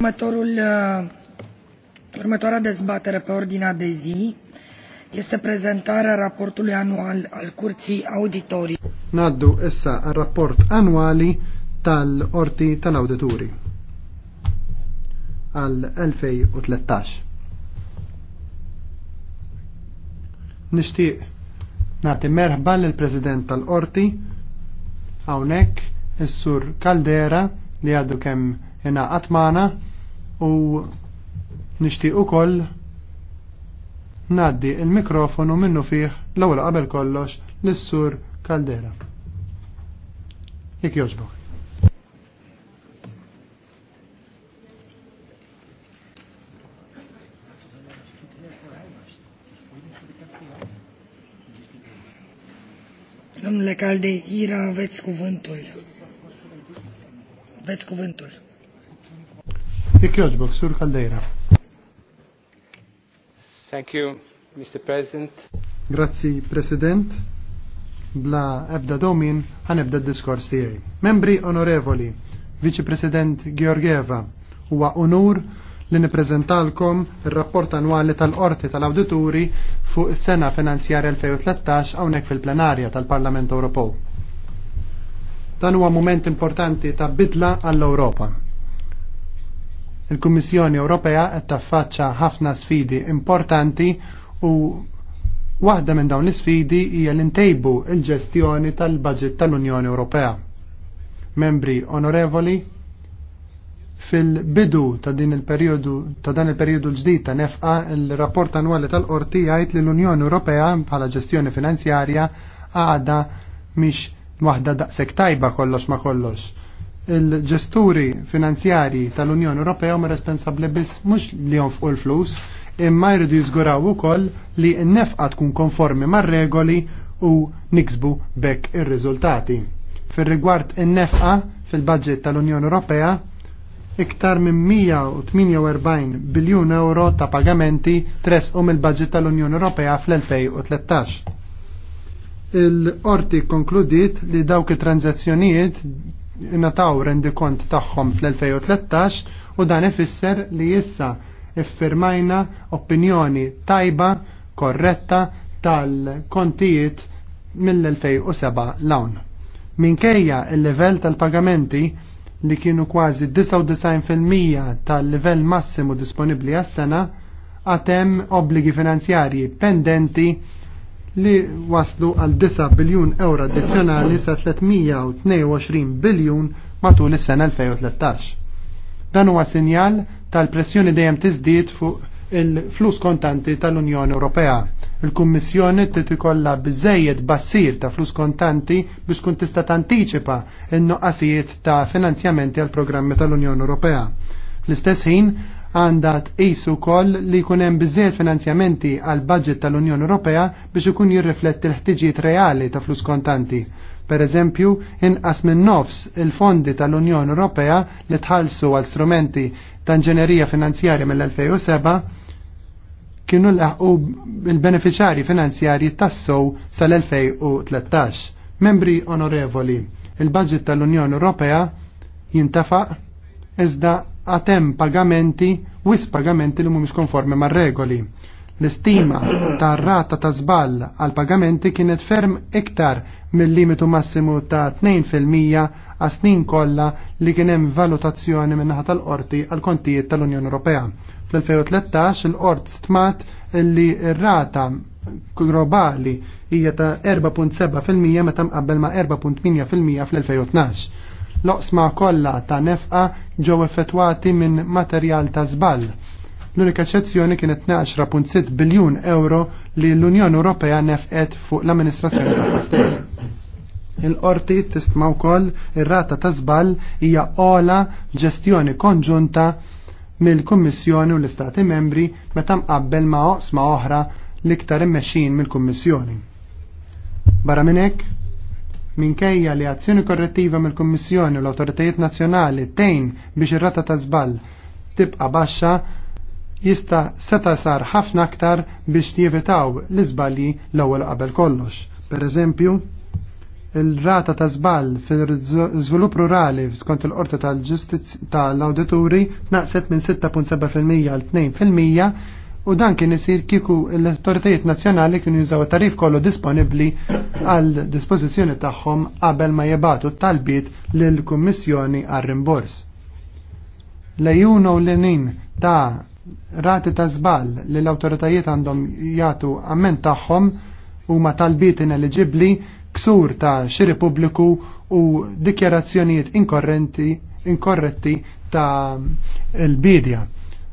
Următorul, uh, următoarea dezbatere pe ordinea de zi este prezentarea raportului anual al Curții Auditorii. Naddu issa a rapport anuali tal-orti tal-auditori għal 2013. Nishtiq nati merħba l-President tal-Orti għawnek, il-Sur Caldera li għaddu kem jena għatmana u nishtiq u koll naddi il-mikrofonu minnu fih l-ewwel qabel kollox l sur Kaldera. Jekk jogħġbok. Domnule Calde, ira aveți cuvântul. Aveți cuvântul. Sur Thank you, Mr. President. Grazzi, President. Bla ebda domin, għan ebda diskors tijaj. Membri onorevoli, Vice President Georgieva, huwa unur li niprezentalkom il-rapport annwali tal-qorti tal-awdituri fuq is-sena finanzjarja 2013 hawnhekk fil-plenarja tal-Parlament Ewropew. Dan huwa moment importanti ta' bidla għall-Ewropa. Il-Kummissjoni Ewropea qed taffaċċa ħafna sfidi importanti u waħda minn dawn l-isfidi hija l-intejbu il-ġestjoni tal-budget tal-Unjoni Ewropea. Membri onorevoli, fil-bidu ta' din il-periodu ta' dan il-periodu l-ġdid ta' nefqa il-rapport annwali tal-qorti jgħid li l-Unjoni Ewropea bħala ġestjoni finanzjarja għada mhix waħda daqshekk tajba kollox ma kollox il-ġesturi finanzjari tal-Unjoni Ewropea huma responsabbli biss mhux li jom fuq il-flus, imma jridu jiżguraw ukoll li n-nefqa tkun konformi mar-regoli u niksbu bekk ir-riżultati. Fir-rigward in-nefqa fil-budget tal-Unjoni Ewropea, iktar minn 148 biljun euro ta' pagamenti tresqu mill-budget tal-Unjoni Ewropea fl-2013 il qorti konkludiet li dawk it-tranzazzjonijiet nataw rendi kont tagħhom fl-2013 u dan ifisser li issa iffirmajna opinjoni tajba, korretta tal-kontijiet mill-2007 lawn. Minkejja il-level tal-pagamenti li kienu kważi 99% tal-level massimu disponibli għas-sena, għatem obbligi finanzjarji pendenti li waslu għal 9 biljun euro addizzjonali sa 322 biljun matul is-sena 2013. Dan huwa sinjal tal-pressjoni dejjem tiżdied fuq il-flus kontanti tal-Unjoni Ewropea. Il-Kummissjoni trid ikollha biżejjed bassir ta' flus kontanti biex tkun tista' tantiċipa n-noqqasijiet ta' finanzjamenti għal programmi tal-Unjoni Ewropea. L-istess ħin għandha tqisu ukoll li jkun hemm finanzjamenti għal budget tal-Unjoni Ewropea biex ikun jirrifletti l-ħtiġijiet reali ta' flus kontanti. Per eżempju, inqas minn nofs il-fondi tal-Unjoni Ewropea li tħallsu għal strumenti ta' inġenerija finanzjarja mill-2007 kienu laħqu il-beneficjari finanzjarji tassow sal-2013. Membri onorevoli, il-budget tal-Unjoni Ewropea jintafaq iżda għatem pagamenti, wis pagamenti li mhumiex konformi mar regoli. L-istima ta' rata ta' zball għal pagamenti kienet ferm iktar mill-limitu massimu ta' 2% għas snin kollha li kien hemm valutazzjoni minnaħa tal-qorti għal kontijiet tal-Unjoni Ewropea. Fl-2013 il-qort stmat li r-rata globali hija ta' 4.7% meta mqabbel ma' 4.8% fl-2012 Loqsma kollha ta' nefqa ġew effettwati minn materjal ta' żball. L-unika ċezzjoni kienet 12.6 biljun euro li l-Unjoni Ewropea nefqet fuq l-amministrazzjoni tagħha stess. Il-qorti tistma' wkoll ir-rata ta' żball hija ola ġestjoni konġunta mill-Kummissjoni u l-Istati membri meta mqabbel ma' oqsma oħra l-iktar immexxin mill-Kummissjoni. Barra minn hekk, minkejja li azzjoni korrettiva mill-Kummissjoni u l autoritajiet Nazzjonali tejn biex ir-rata ta' żball tibqa' baxxa jista' seta' sar ħafna aktar biex jevitaw l-iżbalji l-ewwel qabel kollox. Per eżempju, il-rata ta' żball fil-żvilupp rurali skont il-qorti tal-awdituri naqset minn 6.7% għal 2% u dan kien isir kieku l-autoritajiet nazzjonali kienu jużaw tarif kollu disponibbli għal dispożizzjoni tagħhom qabel ma jibatu talbiet lill kummissjoni għar rimbors. Lejuna u l-nin ta' rati ta' żball li l-autoritajiet għandhom jagħtu amment tagħhom huma talbiet ineliġibbli ksur ta' xiri pubbliku u dikjarazzjonijiet inkorrenti inkorretti ta' l-bidja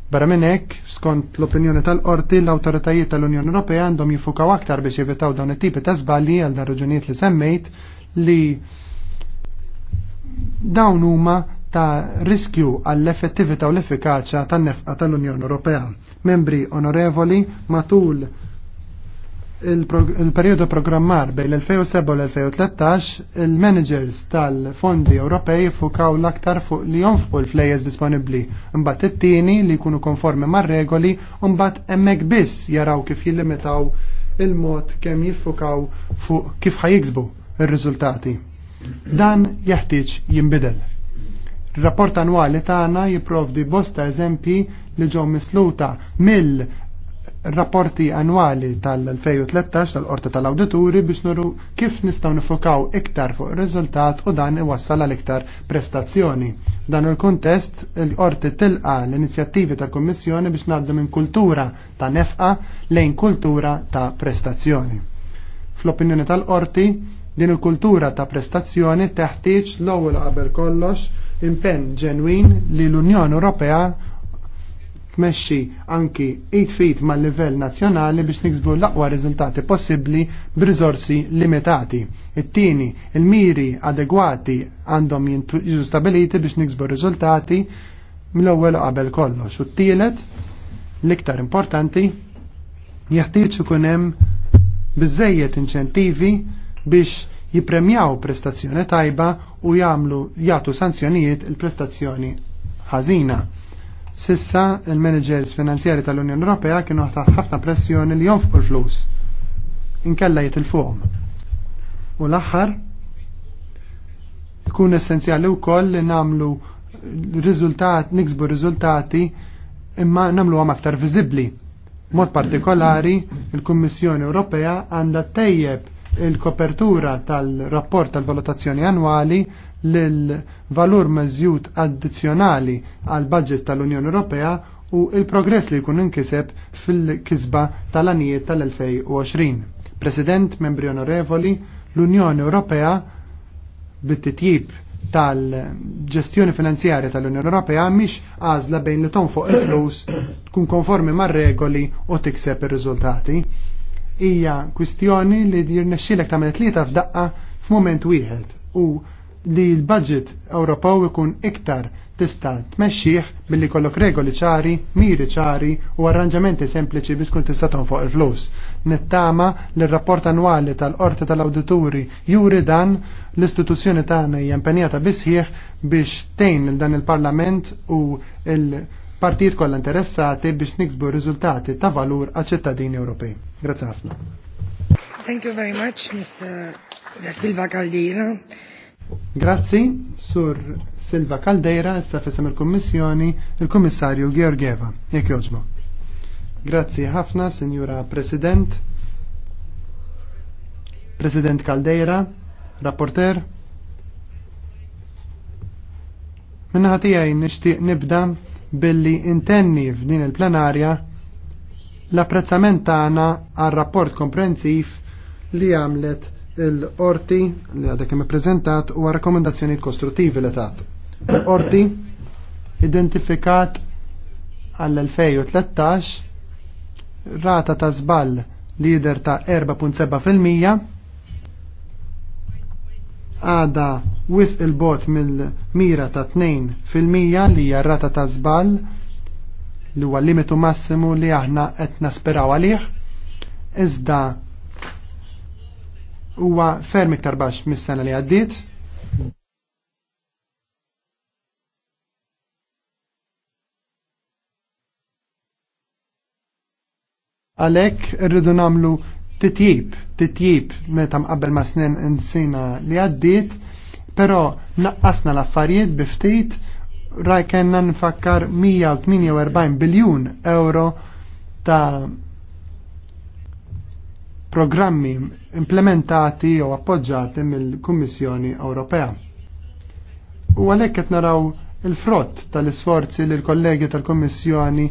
Barra minn hekk, skont l-opinjoni tal-qorti, l-awtoritajiet tal-Unjoni Ewropea għandhom jifukaw aktar biex jevitaw dawn it-tipi ta' żbalji għal dar li semmejt li dawn huma ta' riskju għall-effettività u l-effikaċja tan-nefqa tal-Unjoni Ewropea. Membri onorevoli, matul il-periodu programmar bejn l-2007 u l-2013 il-managers tal-fondi Ewropej fukaw l-aktar fuq li jonfqu l-flejes disponibli. Mbagħad it-tieni li jkunu konformi mar-regoli u mbagħad hemmhekk biss jaraw kif jillimitaw il-mod kemm jiffukaw fuq kif ħajiksbu r riżultati Dan jeħtieġ jinbidel. Il-rapport annwali tagħna jipprovdi bosta eżempji li ġew misluta mill rapporti annwali tal-2013 tal-Qorta tal-Awdituri biex nuru kif nistgħu nifokaw iktar fuq ir-riżultat u dan iwassal għal iktar prestazzjoni. Dan il-kuntest il-Qorti tilqa l-inizjattivi tal-Kummissjoni biex naddu minn kultura ta' nefqa lejn kultura ta' prestazzjoni. Fl-opinjoni tal-Qorti din il-kultura ta' prestazzjoni teħtieġ l-ewwel qabel kollox impenn ġenwin li l-Unjoni Ewropea tmexxi anki id fit mal-livell nazzjonali biex niksbu l-aqwa riżultati possibbli b'riżorsi limitati. It-tieni, il-miri adegwati għandhom jiġu stabiliti biex niksbu riżultati mill-ewwel qabel kollox. U t-tielet, l-iktar importanti, jeħtieġ ikun hemm biżejjed inċentivi biex jipremjaw prestazzjoni tajba u jagħmlu jagħtu sanzjonijiet il-prestazzjoni ħażina Sissa il-managers finanzjari tal-Unjoni Ewropea kienu taħt ħafna pressjoni li jonfqu l-flus. Inkella jitilfuhom. U l-aħħar ikun essenzjali wkoll li nagħmlu riżultat, niksbu riżultati imma nagħmluhom aktar viżibbli. Mod partikolari il-Kummissjoni Ewropea għandha tejjeb il-kopertura tal-rapport tal-valutazzjoni annwali l-valur meżjud addizzjonali għal budget tal-Unjoni Ewropea u il-progress li jkun inkiseb fil-kisba tal-anijiet tal-2020. President, membri onorevoli, l-Unjoni Ewropea bit-titjib tal-ġestjoni finanzjarja tal-Unjoni Ewropea mhix għażla bejn li tonfoq il-flus tkun konformi mar-regoli u tikseb ir-riżultati. Hija kwistjoni li jirnexxilek tagħmel tlieta f'daqqa f'mument wieħed u li l-budget Ewropew ikun iktar tista' tmexxih billi kollok regoli ċari, miri ċari u arranġamenti sempliċi biex tkun tista' fuq il-flus. Nittama li r-rapport annwali tal-Qorti tal-Awdituri juri dan l-istituzzjoni tagħna hija impenjata bisħieħ biex tgħin il dan il-Parlament u il-partijiet kollha interessati biex niksbu riżultati ta' valur għaċ-ċittadini Ewropej. Grazzi ħafna. Thank you very much, Mr. Da Silva Caldira. Grazzi, Sur Silva Caldeira, issa fissam il-Kommissjoni, il-Kommissarju Georgieva, jek joġbo. Grazzi ħafna, Signora President, President Caldeira, Rapporter. Minna ħatijaj nishtiq nibda billi intenni f'din il-plenarja l-apprezzament tagħna għal rapport komprensiv li għamlet il-orti li għadek kemm prezentat u rakkomendazzjoni kostruttivi li tat. Orti identifikat għall-2013 rata ta' żball lider ta' 4.7% għada wis il-bot mill-mira ta' 2% li hija rata ta' żball li huwa limitu massimu li aħna qed nasperaw għalih iżda huwa ferm iktar baxx mis-sena li għaddiet. Għalhekk irridu nagħmlu titjib, titjib meta mqabbel ma' snin insina li għaddiet, però naqqasna l-affarijiet bi ftit raj nfakkar 148 biljun euro ta' programmi implementati jew appoġġjati mill-Kummissjoni Ewropea. U għalhekk qed naraw il-frott tal-isforzi li l-kollegi tal-Kummissjoni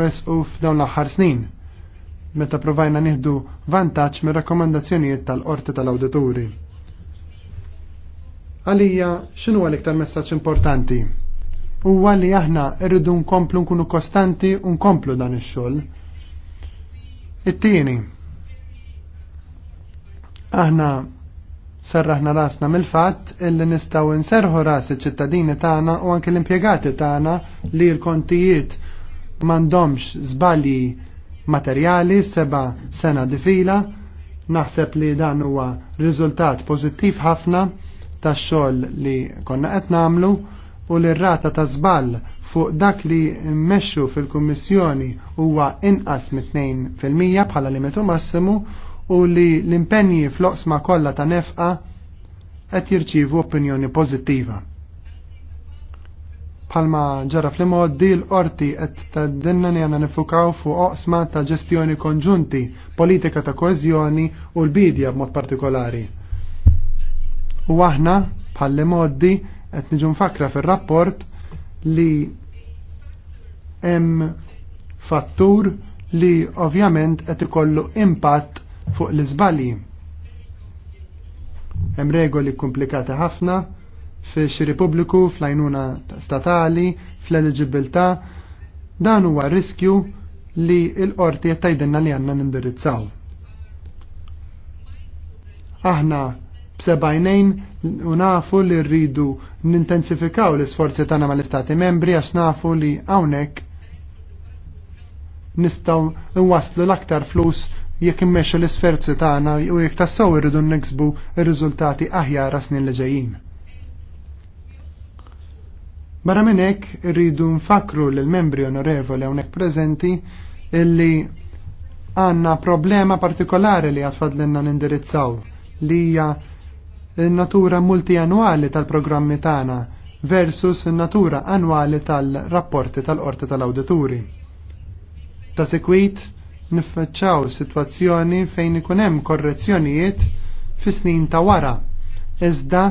resqu f'dawn l-aħħar snin meta provajna nieħdu vantaġġ mir rakkomandazzjonijiet tal-qorti tal-awdituri. Għalija x'inhu l-iktar messaġġ importanti? Huwa li aħna rridu nkomplu nkunu kostanti u nkomplu dan ix-xogħol. It-tieni, Aħna serraħna rasna mill-fatt illi nistaw inserħu ras iċ-ċittadini tagħna u anke l-impjegati tagħna li l-kontijiet m'għandhomx żbalji materjali seba sena difila. Naħseb li dan huwa riżultat pożittiv ħafna tax-xogħol li konna qed nagħmlu u li r-rata ta' żball fuq dak li mmexxu fil-Kummissjoni huwa inqas mit-2 fil-mija bħala limitu massimu u li l-impenji fl-oqsma kollha ta' nefqa qed jirċievu opinjoni pożittiva. Palma ġara fl di l-qorti qed taddenna li għandna nifukaw fuq oqsma ta' ġestjoni konġunti, politika ta' koeżjoni u l-bidja b'mod partikolari. U aħna bħall moddi, qed niġu nfakra fir-rapport li hemm fattur li ovvjament qed ikollu impatt fuq l-iżbalji. Hemm regoli komplikati ħafna fix Repubbliku, fl-għajnuna statali, fl-eligibilità, dan huwa riskju li l-qorti qed tgħidilna li għandna nindirizzaw. Aħna b'sebajnejn u nafu li rridu nintensifikaw l-isforzi tagħna mal-Istati membri għax nafu li hawnhekk nistgħu nwasslu l-aktar flus jekk immexxu l-isferzi tagħna u jekk tassew irridu niksbu r-riżultati aħjar snin li ġejjin. Barra minn hekk irridu nfakru lil membri onorevoli hawnhekk preżenti illi għandna problema partikolari li għatfadlinna nindirizzaw li hija n-natura multianwali tal-programmi tagħna versus n-natura annwali tal-rapporti tal-qorti tal-awdituri. Ta' sekwit, niffaċċaw situazzjoni fejn ikun hemm korrezzjonijiet fi snin ta' wara, iżda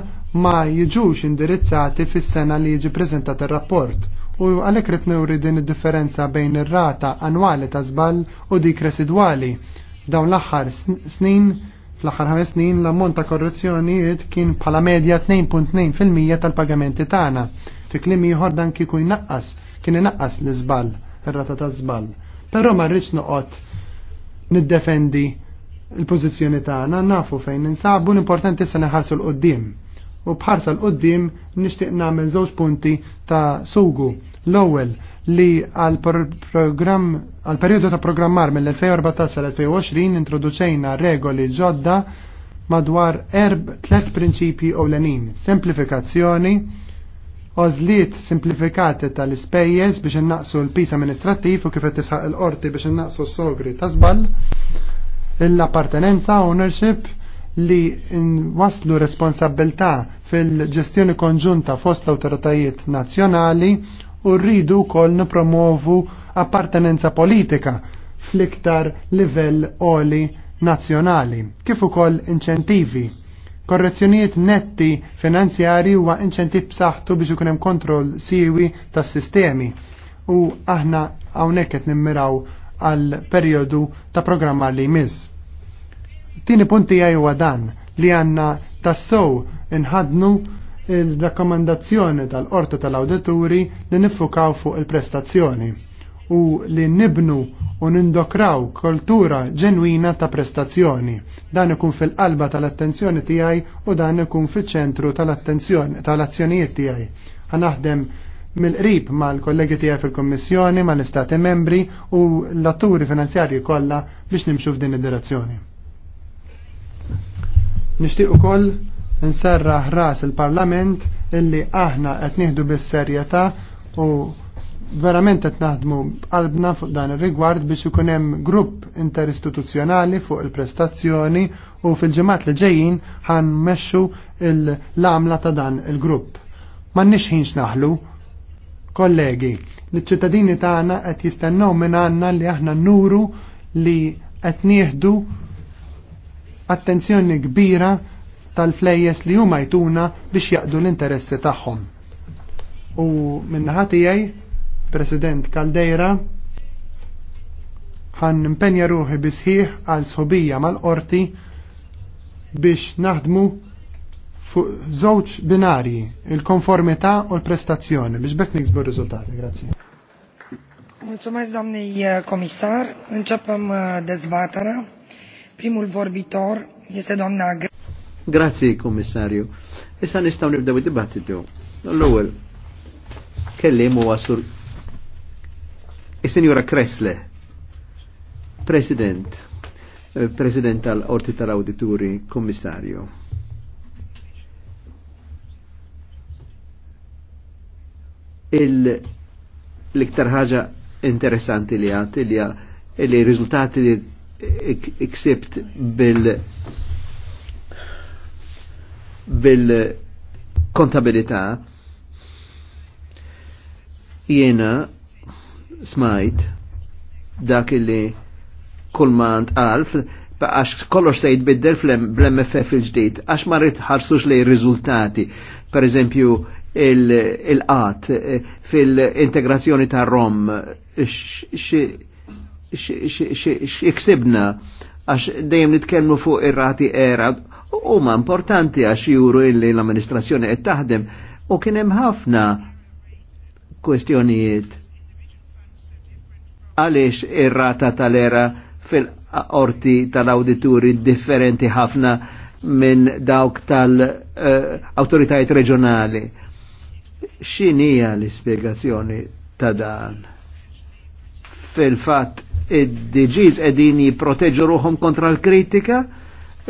ma jiġux indirizzati fis-sena li jiġi preżentat ir-rapport. U għalhekk rid newri din id-differenza bejn ir-rata annwali ta' żball u dik residwali. Dawn l-aħħar snin fl-aħħar ħames snin l-ammont ta' korrezzjonijiet kien bħala medja 2.2% tal-pagamenti tagħna. Fi kliem ieħor dan kieku jnaqqas, kien inaqqas l-iżball, ir-rata ta' żball. Però ma rridx noqgħod niddefendi il-pozizjoni tagħna, nafu fejn ninsabu, l-importanti issa neħarsu l-qoddim. U bħarsa l-qoddim nixtieq nagħmel żewġ punti ta' sugu. L-ewwel li għal program għal periodu ta' programmar mill-2014 l-2020 introduċejna regoli ġodda madwar erb tlet prinċipji ewlenin: semplifikazzjoni, ożliet simplifikati tal-ispejjeż biex innaqsu l-pis amministrattiv u kif qed tisħaq il-qorti biex innaqsu s-sogri ta' żball, l-appartenenza ownership li waslu responsabilità fil-ġestjoni konġunta fost l-autoritajiet nazzjonali u rridu kol nipromovu appartenenza politika fl-iktar livell oli nazzjonali, kif ukoll inċentivi Korrezzjonijiet netti finanzjari huwa inċentiv b'saħħtu biex ikun hemm kontroll siwi tas-sistemi u aħna hawnhekk qed nimmiraw għal perjodu ta' programma li jmiss. Tieni punti hija huwa dan li għandna tassow inħadnu il-rakkomandazzjoni tal-Qorta tal-Awdituri li niffukaw fuq il-prestazzjoni u li nibnu u nindokraw kultura ġenwina ta' prestazzjoni. Dan ikun fil-qalba tal-attenzjoni tiegħi u dan ikun fiċ-ċentru tal-attenzjoni tal-azzjonijiet tiegħi. Ħanaħdem mill-qrib mal-kollegi tiegħi fil-Kommissjoni, mal-Istati membri u l-atturi finanzjarji kollha biex nimxu f'din id-direzzjoni. Nixtieq ukoll nserraħ ras il-Parlament illi aħna qed nieħdu bis-serjetà u verament qed naħdmu qalbna fuq dan ir-rigward biex ikun hemm grupp interistituzzjonali fuq il-prestazzjoni u fil-ġimgħat li ġejjin ħanmexxu l-għamla ta' dan il-grupp. M'għandniex ħin naħlu, kollegi, l-ċittadini tagħna qed jistennew minn għandna li aħna nuru li qed nieħdu attenzjoni kbira tal-flejjes li huma jtuna biex jaqdu l-interessi tagħhom. U minnaħa tiegħi President Caldeira ħan impenja ruħi bisħiħ għal sħobija mal-qorti biex naħdmu fuq żewġ binarji, il-konformità u l-prestazzjoni biex bekk niksbu r-riżultati. Grazie. Mulțumesc, domnului eh, comisar. Începem eh, dezbaterea. Primul vorbitor este doamna Grazie, comisariu. Issa nistaw nibdew id-dibattitu. L-ewwel kellim huwa sur Is-Senjora Kressle, President, eh, President tal-Orti tal-Awdituri, Kommissarju. Il-liktar ħaġa interessanti li għat li li riżultati li iksibt bil bil kontabilità jena smajt dak illi kulmant għalf għax kollox se jitbiddel fl-MFF fil ġdid għax ma ħarsux li riżultati, per eżempju il-qat eh, fil-integrazzjoni ta' Rom, x-iksibna, għax dejjem nitkellmu fuq ir-rati era ma' importanti għax juru illi l-amministrazzjoni qed taħdem u kien hemm ħafna kwestjonijiet għaliex ir-rata tal-era fil-qorti tal-awdituri differenti ħafna minn dawk tal-autoritajiet eh, uh, reġjonali. X'inhija l-ispjegazzjoni ta' dan? fil fat id-diġiż qegħdin jipproteġu ruhom kontra l-kritika?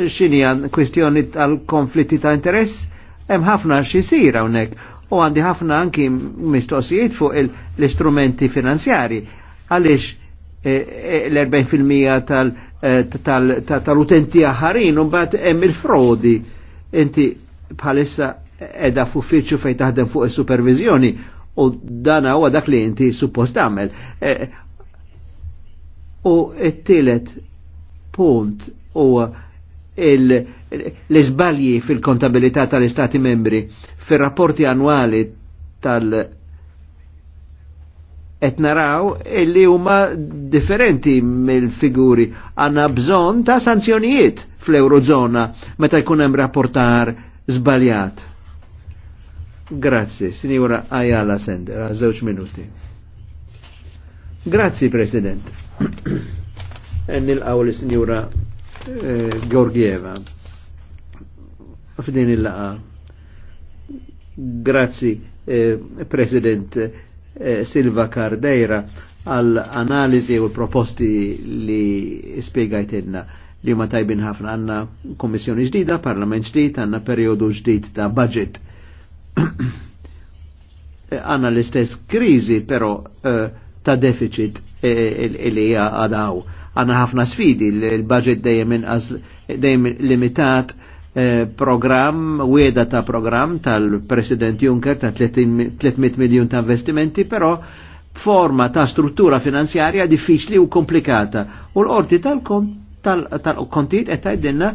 X'inhija kwestjoni tal-konflitti ta' interess? Hemm ħafna x'isir hawnhekk u għandi ħafna anki mistoqsijiet fuq l-istrumenti finanzjari għaliex e, e, l-40% e, tal-utenti aħarin u bat hemm il-frodi. Inti bħalissa edha f'uffiċċju fejn taħdem fuq is-supervizjoni u dana huwa dak li inti suppost tagħmel. U t-tielet punt huwa l-iżbalji fil-kontabilità tal-Istati membri fir-rapporti annwali tal- Et naraw illi huma differenti mill-figuri. għanna bżonn ta' sanzjonijiet fl-Eurozona meta jkun hemm rapportar żbaljat. Grazzi, Sinjura Ajala Sender, għal żewġ minuti. Grazzi, President. Nilqaw li sinjura eh, Georgieva f'din il-laqa. Grazzi, eh, President Eh, Silva Cardeira għal analizi u proposti li spiegajtenna li ma tajbin ħafna għanna kommissjoni ġdida, parlament ġdid, għanna periodu ġdid ta' budget. Eh, għanna l-istess krizi, pero eh, ta' deficit li għadaw. Għanna ħafna sfidi, l-budget dejjem dejjem limitat, program, wieda ta' program tal-President Juncker ta' 300 miljon ta' investimenti, però forma ta' struttura finanzjarja diffiċli u komplikata. U l-orti tal-kontit e tgħidilna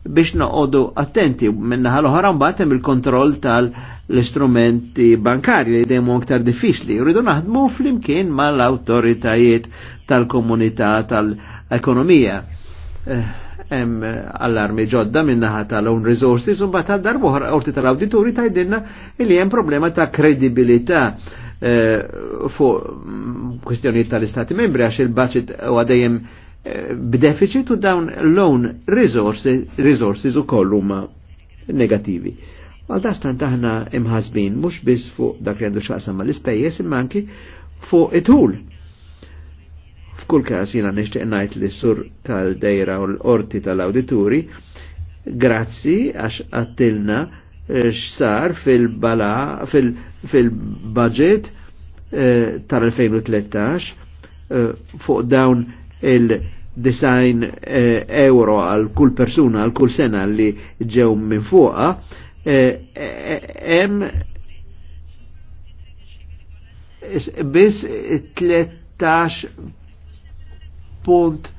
biex noqodu attenti minna ħal oħra mbagħad hemm il-kontroll tal-istrumenti bankarji li dejjem aktar diffiċli. Uridu naħdmu flimkien mal-awtoritajiet tal-komunità tal-ekonomija. Eh, allarmi ġodda minnaħa tal-own resources un bat darbuħar orti tal-auditori tajdilna li hemm problema ta' kredibilità eh, fuq mm, kwestjonijiet tal-Istati membri għax il-budget u għadajem eh, b'deficit u dawn loan resources, resources u kollum negativi. Għal dastan taħna imħazbin, mux bis fuq dak li għandu xaqsam ma l-ispejjes, imma anki fuq it-tul F'kull każ jiena nixtieq ngħid li sur tal-dejra u l-qorti tal-awdituri, grazzi għax għattilna eh, x'sar fil-bala fil-budget fil bala fil budget eh, tal 2013 eh, fuq dawn il-design euro għal kull persuna għal kull sena li ġew minn fuqa hemm biss 13 punt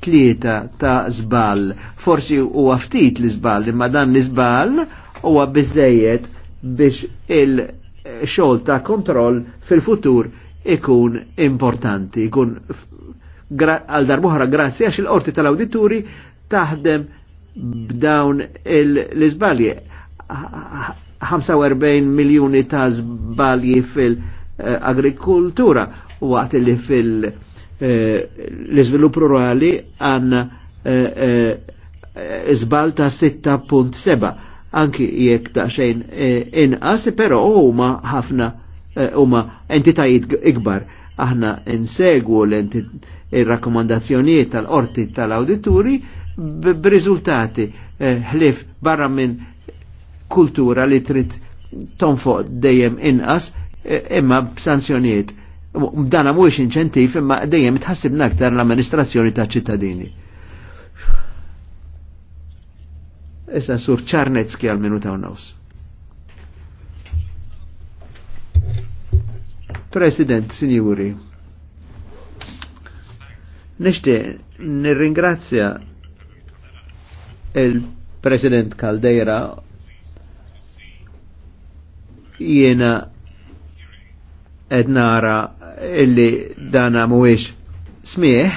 tlieta ta' zbal. Forsi huwa ftit li zbal, imma dan li zbal huwa biżejjed biex il-xogħol ta' kontroll fil-futur ikun importanti, ikun għal darbohra grazzi għax il-qorti tal-awdituri taħdem b'dawn l-izbalji. 45 miljoni ta' zbalji fil-agrikultura għat li fil-, -agrikultura, l izvilup rurali għanna zbalta 6.7 anki jekk daqsxejn eh, inqas, pero huma ħafna eh, huma entitajiet ikbar. Aħna insegwu l-rakkomandazzjonijiet tal-qorti tal-awdituri b'riżultati eh, ħlif barra minn kultura li trid tonfoq dejjem inqas imma b'sanzjonijiet Dana mhuwiex inċentiv imma dejjem tħassibna aktar l-amministrazzjoni ta' ċittadini. Issa sur ċarnetski għal minuta u nofs. President, sinjuri, nishti nirringrazzja il-President Caldeira jena ednara illi dana mhuwiex smieħ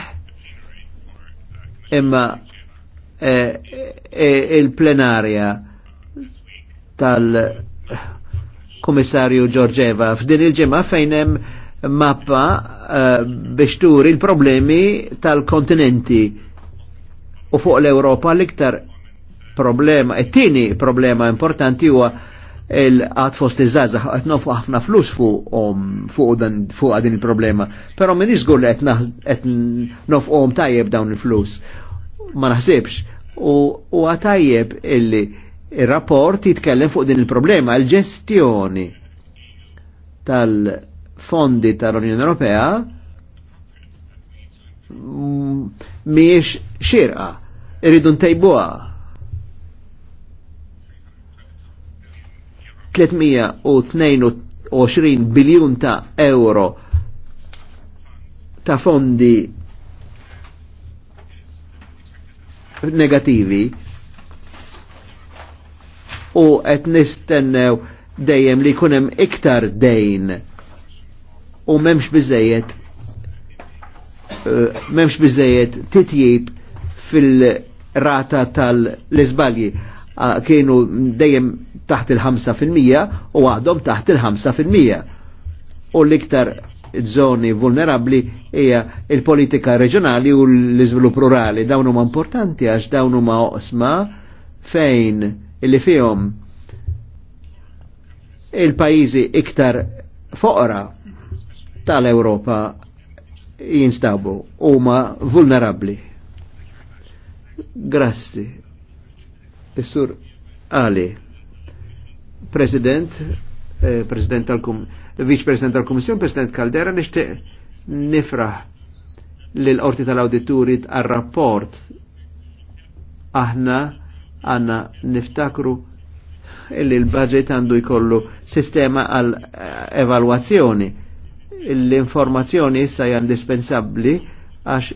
imma e, e, il-plenarja tal-Komissarju Giorgeva f'din il-ġimgħa fejn hemm mappa uh, biex turi il-problemi tal-kontinenti u fuq l-Ewropa l-iktar problema, it-tieni problema importanti huwa il-għad fost iż żazza għad nofu ħafna flus fuq um, dan din il-problema. Pero minn iżgur li għad nofu għom tajjeb dawn il-flus. Ma naħsibx. U tajjeb illi il-rapport jitkellem fuq din il-problema, il-ġestjoni tal-fondi tal-Unjoni Ewropea mm, miex xirqa, irridu ntejbuha 322 biljun ta' euro ta' fondi negativi u qed nistennew dejjem li kunem iktar dejn u memx bizzejiet eh, memx bizzejiet titjib fil-rata tal-lizbalji ah, kienu dejjem taħt il-5% u għadhom taħt il-5%. U l-iktar zoni vulnerabli hija il-politika reġjonali u l-iżvilupp rurali. Dawn huma importanti għax dawn huma oqsma fejn illi fihom il-pajjiżi iktar foqra tal-Ewropa jinstabu huma vulnerabbli. Grasti. Is-sur Ali. President, eh, President tal-Kum, Vice President tal-Kummissjon, President Caldera, nixtieq nifraħ l-Qorti tal-Awdituri għal-rapport aħna għanna niftakru illi l-budget għandu jkollu sistema għal eh, evalwazzjoni. L-informazzjoni issa hija indispensabbli għax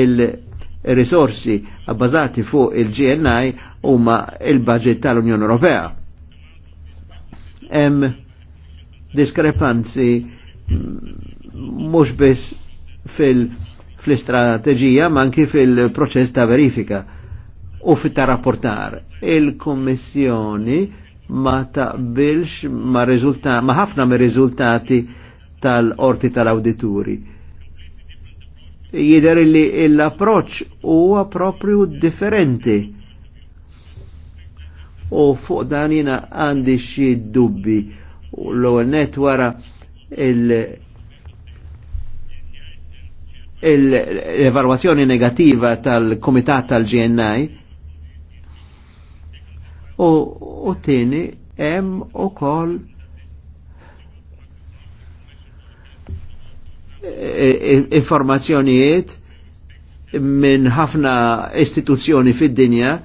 il-risorsi bbażati fuq il-GNI huma il-budget tal-Unjoni Ewropea hemm diskrepanzi mm, mhux biss fil- fl-istrateġija ma anki fil-proċess ta' verifika u fit ta' rapportar. Il-Kommissjoni ma taqbilx ma, ma ħafna me riżultati tal-orti tal-awdituri. Jider li l-approċ huwa propju differenti u fuq dan jina għandi xie dubbi u l-ewwel net wara il- l-evalwazzjoni negativa tal-Komitat tal-GNI u, u tini hemm ukoll e, e, informazzjonijiet minn ħafna istituzzjoni fid-dinja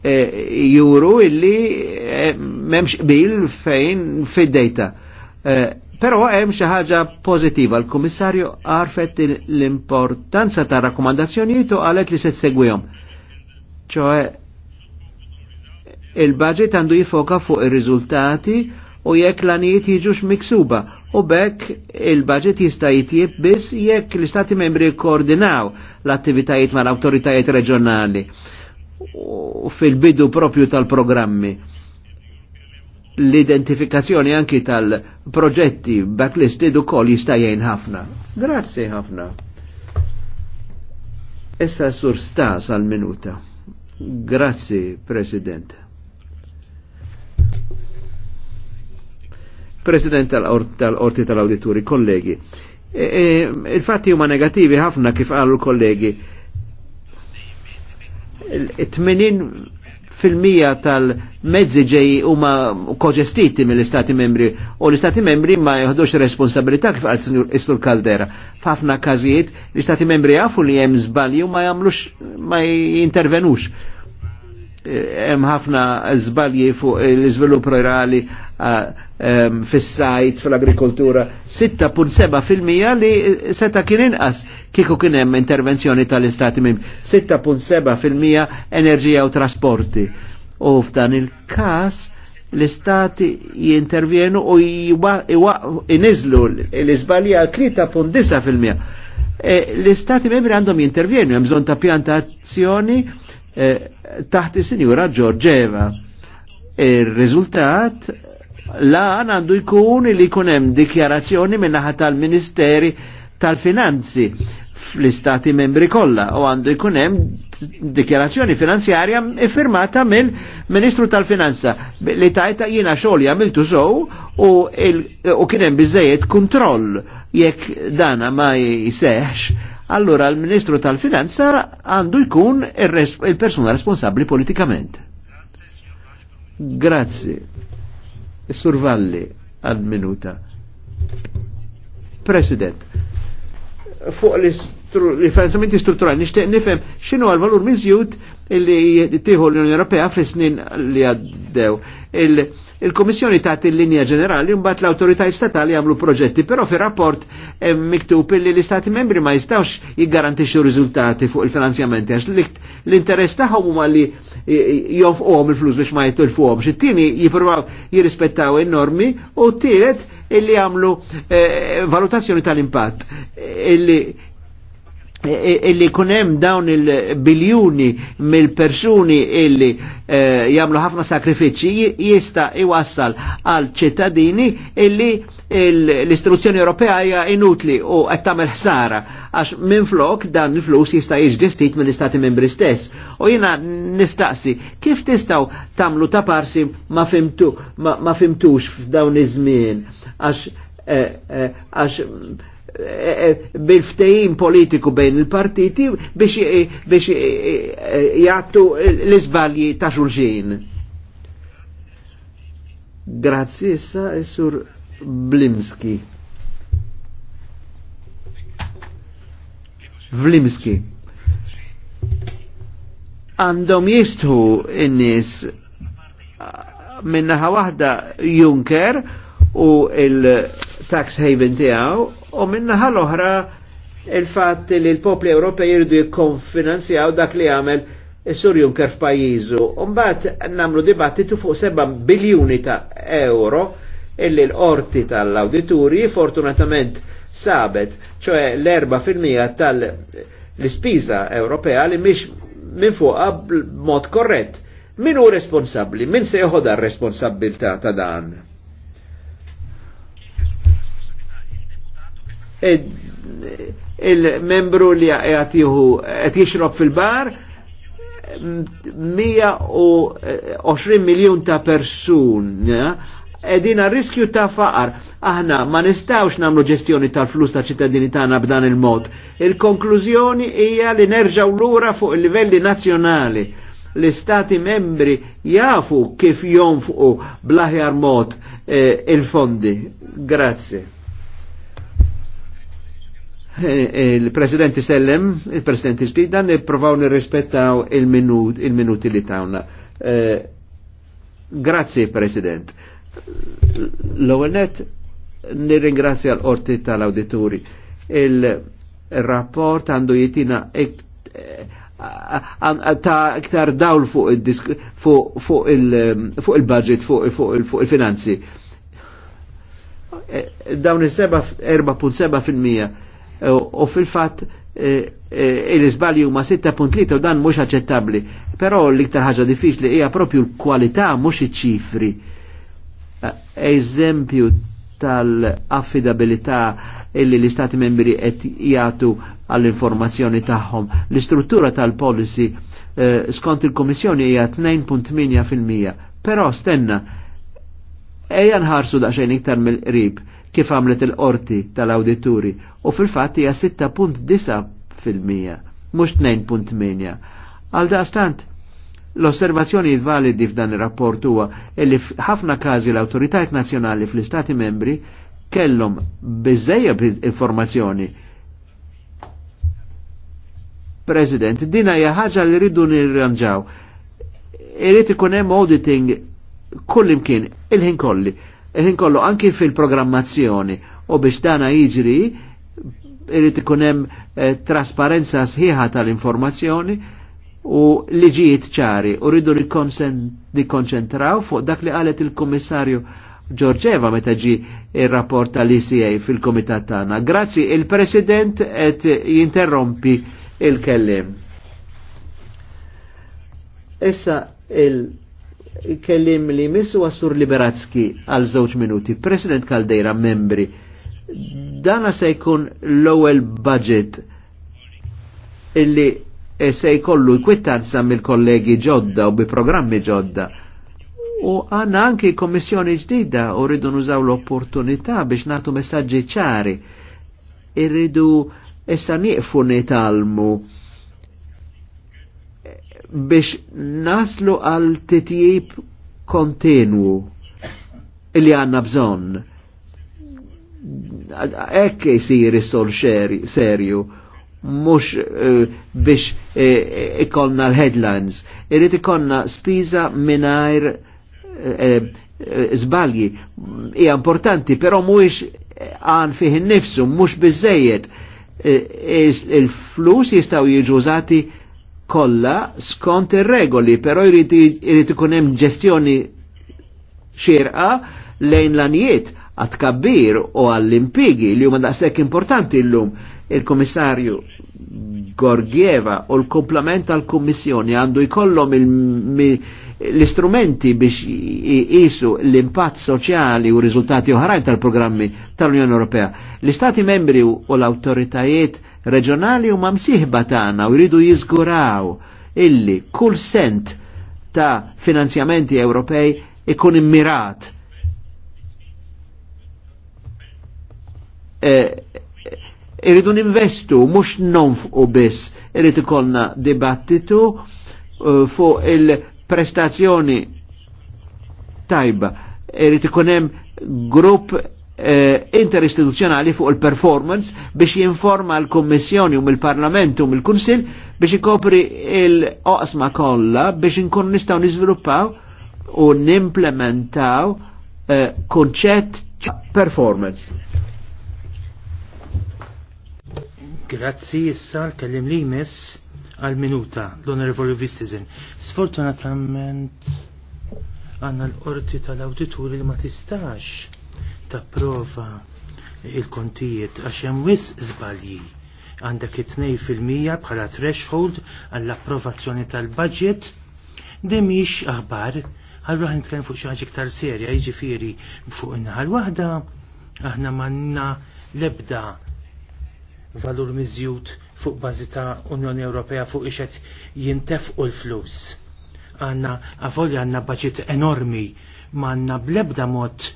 Eh, juru illi eh, memx bil fejn fid-dejta. Eh, però hemm xi ħaġa pożittiva. L-Kummissarju għarfet l-importanza ta' rakkomandazzjonijiet u qalet li se tsegwihom. Ċoe il-budget għandu jifoka fuq ir-riżultati u jekk l-anijiet jiġux miksuba u bekk il-budget jista' jitjieb biss jekk l-istati membri koordinaw l-attivitajiet mal-awtoritajiet reġjonali u fil-bidu propju tal-programmi. L-identifikazzjoni anki tal-proġetti backlisted u kol jistajjen ħafna. Grazie ħafna. Essa sur stas għal-minuta. Grazie, President. President tal-Orti tal-Auditori, kollegi. E, e, il-fatti huma negativi ħafna kif għallu kollegi fil-mija tal-mezzi ġeji huma koġestiti mill-Istati membri u l-Istati membri ma jħodux responsabilità kif għal Istur Kaldera. F'ħafna każijiet l-Istati membri jafu li hemm żbalji u ma jagħmlux ma jintervenux. Eh, hemm ħafna żbalji fuq l-iżvilupp rurali fis-sajt fil-agrikoltura 6.7% li eh, seta kien inqas kieku kien hemm intervenzjoni tal-Istati fil 6.7% enerġija u trasporti. U f'dan il-każ l-istati jintervjenu u inizlu l-izbalija 3.9%. E, l-istati membri għandhom jintervjenu, hemm bżonn ta' pjantazzjoni eh, taħt is-sinjura Giorgeva. il rizultat La għandu jkun li kunem dikjarazzjoni minnaħat tal-Ministeri tal-Finanzi fl-istati membri kollha u għandu jkun hemm dikjarazzjoni finanzjarja firmata mill Ministru tal-Finanza li tajta jiena xogħol jagħmiltu sow u, u kien hemm biżejjed kontroll jekk dana ma jseħx, allura l-Ministru tal-Finanza għandu jkun il-persuna responsabbli politikament. Grazie. Survalli għal minuta. President, fuq l-finanzamenti strutturali nixtieq nifhem x'inhu għal-valur miżjud li tieħu l-Unjoni Ewropea fis-snin li għaddew. Il-Komissjoni tagħti l-linja ġenerali mbagħad l-awtorità statali jagħmlu proġetti, però fir-rapport hemm miktub illi l-istati membri ma jistgħux jiggarantixxu riżultati fuq il-finanzjamenti għax l-interess tagħhom huma li jonfqom il-flus biex ma jitilfuhom. Xittini jipruvaw jirrispettaw il-normi u t-tielet illi għamlu eh, valutazzjoni tal-impatt eh, illi illi kunem dawn il-biljuni mill-persuni illi eh, jamlu ħafna sakrifiċi jista iwassal għal ċittadini illi l-istruzzjoni Ewropea hija inutli u qed tagħmel ħsara għax minflok dan il-flus jista' jiġġestit mill-Istati Membri stess. U jiena nistaqsi kif tistgħu tagħmlu ta' parsi ma fimtux f'dawn iż-żmien għax eh, eh, għax bil-ftejim politiku bejn il-partiti biex eh, eh, eh, jgħattu l-izbalji ta' xulxin. Grazzi issa sur Blimski. Blimski. Għandhom jistħu innis minnaħa wahda Juncker u il-tax haven tijaw U minnaħa l-oħra il-fatt li l-popli Ewropej jiridu jikkonfinanzjaw dak li għamel Sur Juncker f'pajizu. Umbat namlu dibattitu fuq 7 biljuni ta' euro illi l-orti tal-awdituri fortunatament sabet, ċoħe l-4% tal-spiza Ewropea li miex minn fuqa b'mod korrett. Min hu responsabbli? Min se joħodha r-responsabbilta ta' dan? il-membru li għat jixrob fil-bar 120 eh, miljon ta' persuna edina riskju ta' faqar. Aħna ma nistawx namlu ġestjoni tal-flus ta' ċittadini ta' b'dan il-mod. Il-konklużjoni hija li nerġaw lura fuq il-livelli nazzjonali. li stati membri jafu kif jonfqu blaħjar mod eh, il-fondi. Grazie. Eh, eh, il-President sellem, il-President ġdida, nipprovaw nirrispettaw il-minuti li tawna. Eh, Grazie, President. L-għonet nirringrazzja l-orti tal-auditori. Il-rapport għandu jitina ta' iktar dawl fuq il-budget, fuq il-finanzi. Dawn il-7.7% u fil-fat il izbalju ma 6.3 u dan mhux aċċettabbli. Però l-iktar ħaġa diffiċli hija propju l-kwalità mhux iċ-ċifri. Eh, eżempju tal-affidabilità illi l-Istati membri qed jagħtu għall-informazzjoni tagħhom. L-istruttura tal-policy eh, skont il-Komissjoni hija 2.8 fil-mija. Però stenna, ejja nħarsu daqsxejn iktar mill-qrib kif għamlet il-qorti tal-awdituri u fil-fatt hija 6.9 fil-mija, mhux 2.8. Għal daqstant, l-osservazzjoni validi f'dan ir-rapport huwa li ħafna każi l-awtoritajiet nazzjonali fl-istati membri kellhom biżejja informazzjoni President, dina hija ħaġa li rridu nirranġaw. Irid ikun hemm auditing kullimkien il-ħin kolli Eħin kollu anki fil-programmazzjoni u biex dana iġri irrid ikun hemm eh, trasparenza sħiħa tal-informazzjoni u liġijiet ċari u rridu nikkonċentraw fuq dak li qalet il komissarju Giorgeva meta ġi il-rapport tal-ICA fil-komitat tagħna. Grazzi, il-President qed jinterrompi il-kellim. Issa il- kellim li missu għassur Liberatski għal żewġ minuti. President Caldera, membri, dana se jkun l-ewwel budget illi e se jkollu kwittanza mill-kollegi ġodda u bi programmi ġodda. U għanna anki kommissjoni ġdida u rridu nużaw l-opportunità biex natu messaġġi ċari. Irridu issa nieqfu nitalmu biex naslu għal titjib kontinu li għanna bżon. Ekk jisir sol serju, mux eh, biex eh, ikonna l-headlines. Irrit ikonna spiza minajr eh, zbalji. Ija importanti, pero mux għan fih nifsu, mux bizzejiet. Il-flus jistaw jiġużati kolla skont ir-regoli, però jrid ikun hemm ġestjoni xirqa lejn l-anijiet għat kabbir u għall-impigi li huma daqshekk importanti llum il-Komissarju Gorgieva u l-komplement tal-Kommissjoni għandu jkollhom il l-istrumenti biex jisu l-impatt soċjali u riżultati oħrajn tal-programmi tal-Unjoni Ewropea. L-Istati membri u l-autoritajiet reġjonali huma msiħba tagħna u jridu jiżguraw illi kull sent ta' finanzjamenti Ewropej ikun immirat. Eh, eh, irridu ninvestu, mux nonfqu biss, irrid ikollna dibattitu eh, fuq il- prestazzjoni tajba. irrit ikun hemm grupp eh, interistituzjonali fuq il-performance biex jinforma l-Kommissjoni u mill-Parlament u mill-Kunsil biex ikopri il-oqsma kollha biex inkun nistgħu niżviluppaw u nimplementaw eh, konċett performance. Grazzi issa l-kellim li mis għal-minuta, l-Honorable Vistizen. Sfortunatament għanna l-orti tal-awdituri li ma tistax ta' prova il-kontijiet għax hemm wis żbalji għandek it-2% bħala threshold għall-approvazzjoni tal-budget demix aħbar għallura ħan nitkellem fuq xi ħaġa iktar serja, jiġifieri fuq in-naħa l-waħda aħna manna lebda valur miżjud fuq bażi ta' Unjoni Ewropea fuq ixet jintefqu l-flus. Għanna, għavolja għanna budget enormi, ma għanna blebda mod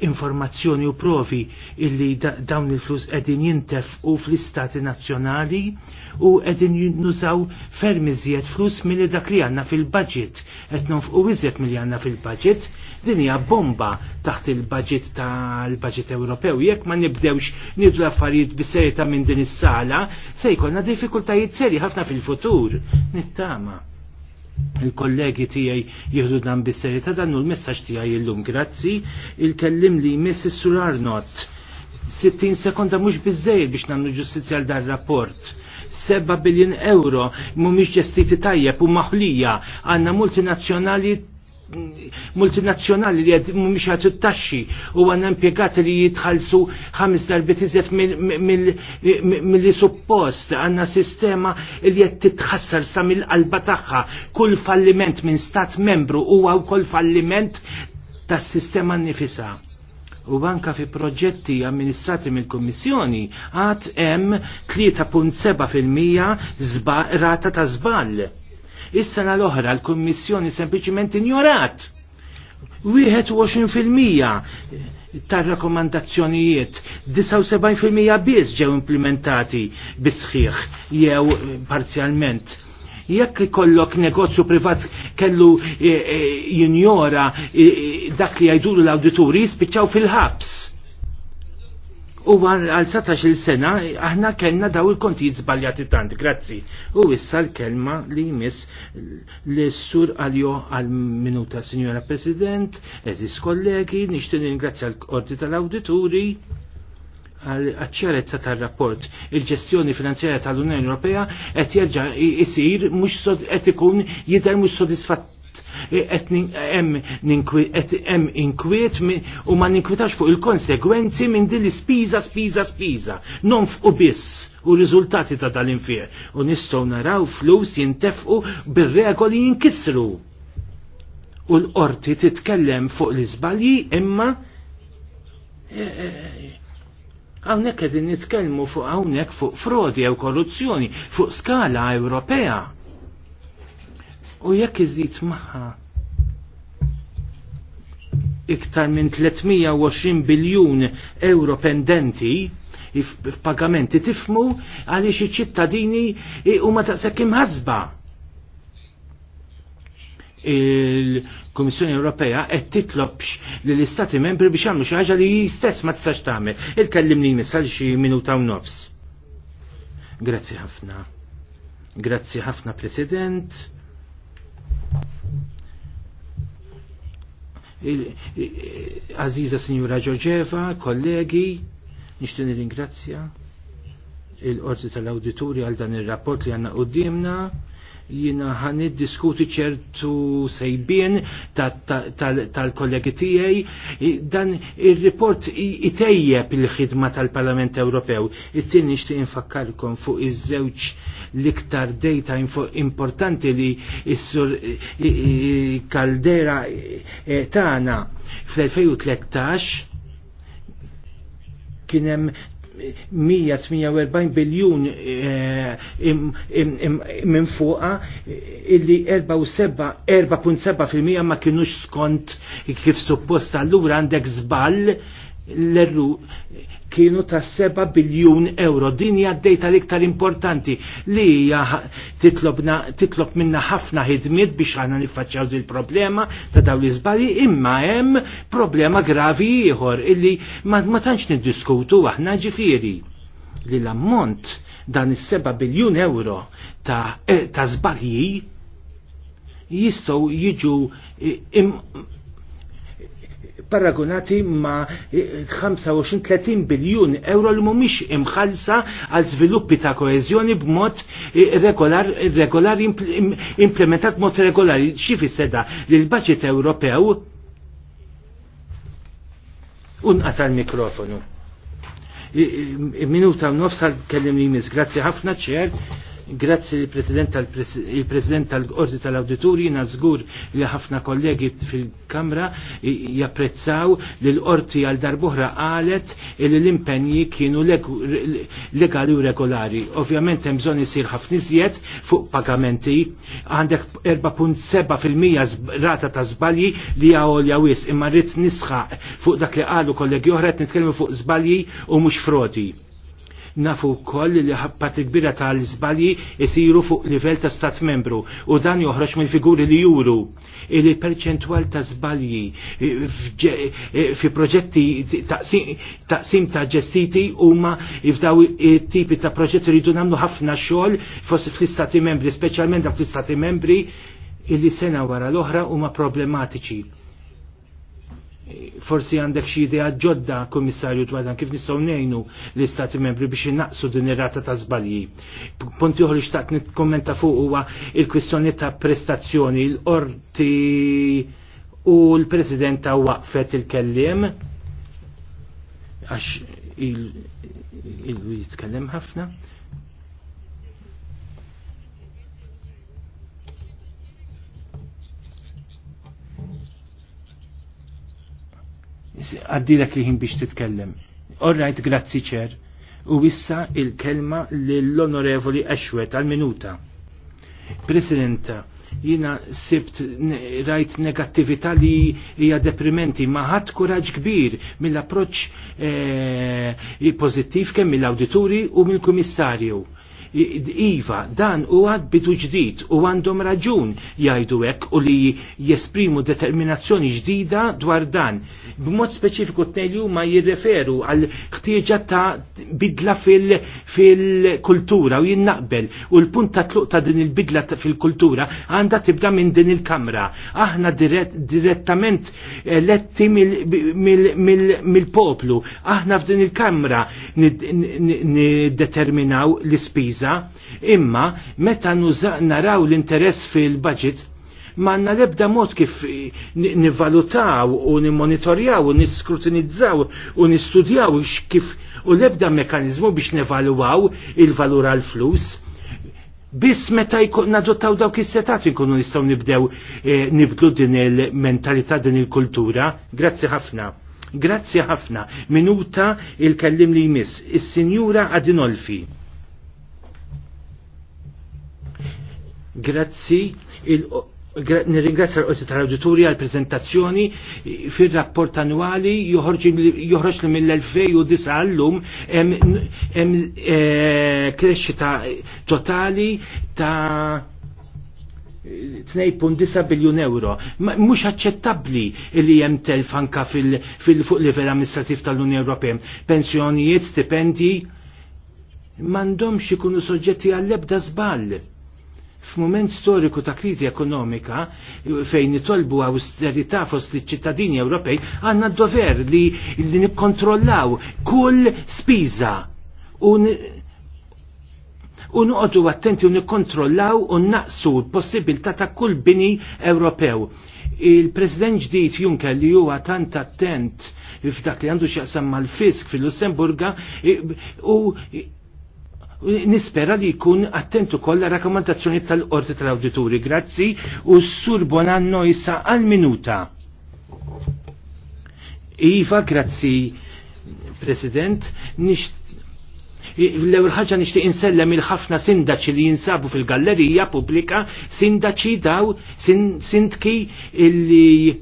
informazzjoni u provi illi dawn il-flus edin jintef u fl-istati nazzjonali u edin nużaw fermiżiet flus mill dak li għanna fil-budget et u iżjed mill għanna fil-budget din hija bomba taħt il-budget tal-budget Ewropew jekk ma nibdewx nidu affarijiet bis minn din is-sala se jkollna diffikultajiet seri ħafna fil-futur nittama il-kollegi tijaj jihdu dan bis ta' dan u l-messaġġ tiegħi illum. Grazzi, il-kellim li Mrs. Sularnot. 60 sekonda mhux biżejjed biex nagħmlu ġustizzja għal dar rapport. 7 biljun euro mhumiex ġestiti tajjeb u maħlija għandna multinazzjonali multinazzjonali li għed mumiex t taxxi u għanna impiegat li jitħalsu ħames darbit iżet mill-li suppost għanna sistema li għed titħassar sa mill-qalba taħħa kull falliment minn stat membru u għaw kull falliment tas sistema nifisa u banka fi proġetti amministrati mill kommissjoni għat em 3.7% rata ta' zball Is-sena l-oħra l-Kummissjoni sempliċiment injorat. 21% tar-rakkomandazzjonijiet, 79% biss ġew implementati bisħiħ jew parzjalment jekk ikollok negozju privat kellu eh, eh, jinjora eh, dak li jgħidulu l-awdituri jispiċċaw fil-ħabs. U għal 17 sena aħna kellna daw il-kontijiet zbaljati tant, grazzi. U issa l-kelma li jmiss l-sur Jo għal-minuta, Signora President, eżis kollegi, nishtin ringrazzja l-Qorti tal-Awdituri għal ċarezza tal-rapport. Il-ġestjoni finanzjarja tal-Unjoni Ewropea qed jerġa' isir mhux qed ikun jidher mhux sodisfatt Hemm inkwiet u ma ninkwitax fuq il-konsegwenzi minn din l-ispiża spiża spiża. Non fqu biss u riżultati ta' tal-infir. U nistgħu naraw flus jintefqu bir-regoli jinkisru. U l-qorti titkellem fuq l-iżbalji imma eh, eh, hawnhekk qegħdin nitkellmu fuq hawnhekk fuq frodi jew korruzzjoni fuq skala Ewropea u jekk iżid magħha iktar minn 320 biljun euro pendenti f'pagamenti tifmu għaliex iċ-ċittadini huma taqsek imħasba. Il-Kummissjoni Ewropea qed titlob lill istati membri biex jagħmlu xi ħaġa li stess ma tistax tagħmel. Il-kellimni nisal xi minuta u nofs. Grazzi ħafna. Grazzi ħafna President Aziza Signora Giorgeva, kollegi, nishtin ringrazzja il-Orti tal-Awdituri għal dan il-rapport li għanna u jina ħan diskuti ċertu sejbien tal-kollegi tiegħi dan ir-report itejjeb il-ħidma tal-Parlament Ewropew. it tini nixtieq infakkarkom fuq iż-żewġ l-iktar data importanti li s-sur kaldera e, tagħna fl-2013 kienem 148 biljun eh, minn fuqa illi 4.7% ma kienux skont kif supposta allura għandek zbal l-erru kienu ta' 7 biljun euro. Din hija d-dejta l-iktar importanti li hija titlob minna ħafna ħidmiet biex ħana niffaċċjaw il problema ta' dawn l-iżbali imma hemm problema gravi ieħor illi ma, tantx niddiskutu aħna ġifieri li l-ammont dan is-7 biljun euro ta', eh, ta żbalji jistgħu jiġu paragonati ma 25-30 eh, biljun euro li mumiex imħalsa għal sviluppi ta' koezjoni b'mod eh, regolar, regolar implementat mod regolari. Xifi seda li l-budget Ewropew unqata l-mikrofonu. Minuta u nofs kellim li grazzi ħafna ċer Grazzi il-President tal-Ordi tal-Awdituri, nażgur li ħafna kollegi fil-Kamra japprezzaw li l-Orti għal darbohra qalet li l-impenji kienu legali u regolari. Ovvjament hemm bżonn isir ħafna iżjed fuq pagamenti, għandek 4.7% rata ta' żbalji li għawol jawis imma rrid nisħaq fuq dak li qalu kollegi oħra nitkellmu fuq żbalji u mhux frodi. Nafu wkoll li ħappati kbira tal izbalji isiru fuq livell ta' stat membru u dan joħroġ mill-figuri li juru il perċentwal ta' żbalji eh, eh, fi proġetti taqsim ta' ġestiti huma f'daw it-tipi ta' proġetti li jridu nagħmlu ħafna xogħol fossi fl-istati membri, speċjalment dak fl-istati membri li sena wara l-oħra huma problematiċi forsi għandek xi idea ġodda komissarju dwar dan kif nistgħu ngħinu l-istati membri biex innaqsu din ir-rata ta' żbalji. Punti uħri xtaqt nit-kommenta fuq huwa il-kwistjoni ta' prestazzjoni l-qorti u l presidenta waqfet il-kelliem għax il-jitkellem ħafna għaddilek li ħin biex titkellem. Orrajt, grazzi ċer. U issa il-kelma l-onorevoli Ashwet għal-minuta. Presidenta, jina sibt rajt negattività li hija deprimenti ma ħadd kuraġġ kbir mill-approċċ eh, pożittiv kemm mill-awdituri u mill-kummissarju iva dan huwa bidu ġdid u għandhom raġun jajdu ek u li jesprimu determinazzjoni ġdida dwar dan. B'mod speċifiku tnejlu ma jirreferu għal ħtieġa ta' bidla fil-kultura u jinnaqbel u l-punt ta' tluq ta' din il-bidla fil-kultura għandha tibda minn din il-kamra. Aħna direttament letti mill-poplu. Aħna f'din il-kamra niddeterminaw l-ispiż preċiża, imma meta naraw l-interess fil-budget manna lebda mod kif nivvalutaw u nimonitorjaw u niskrutinizzaw u nistudjaw kif u lebda mekanizmu biex nevaluaw il-valur għal-flus. Biss meta nadottaw dawk is-setat inkunu nistgħu nibdew eh, nibdlu din il-mentalità din il-kultura. Grazzi ħafna. Grazzi ħafna. Minuta il-kellim li jmiss, is-Sinjura Adinolfi. Grazzi, nirringrazzja l-Qorti tal auditorja għal prezentazzjoni fir-rapport annwali joħroġ li mill-2009 għallum hemm kresċita eh, totali ta' 2.9 biljun euro. Mhux aċċettabbli li hemm telf anka fuq livell amministrativ tal-Unjoni Ewropea. Pensjonijiet, stipendi m'għandhomx ikunu soġġetti għall-ebda żball F'mument storiku ta' kriżi ekonomika fejn nitolbu austerità fost li ċittadini Ewropej għandna dover li, li nikkontrollaw kull spiża u nuqodu attenti u nikkontrollaw u naqsu l-possibilità ta' kull bini Ewropew. Il-President ġdijt Juncker li huwa tant attent f'dak li għandu xaqsam mal-fisk fil-Lussemburga u nispera li jkun attentu koll la rakkomandazzjoni tal-Qorti tal-Awdituri. Grazzi u s-Sur Bonanno issa għal-minuta. Iva, grazzi, President, nix l-ewwel ħaġa nixtieq insellem il-ħafna sindaċi li jinsabu fil-gallerija pubblika, sindaċi daw, sindki illi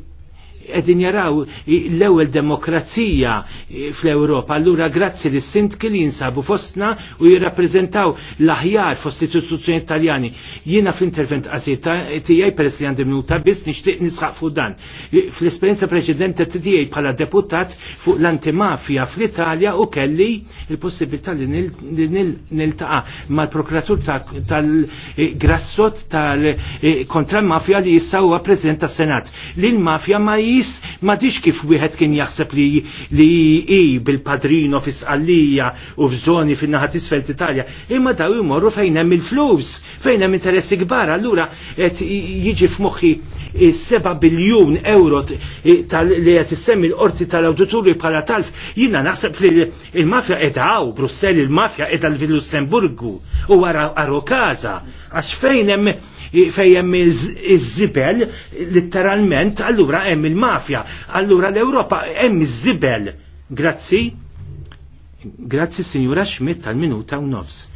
edin jaraw l-ewel demokrazija fl-Europa. Allura grazzi li sintki kili jinsabu fostna u jirrapprezentaw l-aħjar fost istituzzjoni italjani. Jiena fl-intervent qasir tijaj peress li għandim minuta biss nishtiq nisħaq fuq dan. Fl-esperienza preċedente tijaj pala deputat fuq l-antimafija fl-Italja u kelli il-possibilità li niltaqa mal-prokuratur tal-grassot tal-kontra eh, mafja li jissawa prezident senat Li l-mafja ma Ma m'għadix kif wieħed kien jaħseb li li i bil-padrino fi Sqallija u f'żoni fin-naħa tisfel Italja, imma daw imorru fejn hemm il-flus, fejn hemm interessi kbar, allura qed jiġi f'moħħi 7 biljun euro li qed issemmi l-qorti tal awduturi bħala talf, jiena naħseb li il-mafja qed hawn, Brussell il-mafja qed fil-Lussemburgu u wara Arokaza, għax fejn hemm fejjem iż-żibel litteralment allura hemm il-mafja. Allura l-Ewropa hemm iż-żibel. Grazzi. Grazzi Signora Schmidt tal-minuta u nofs.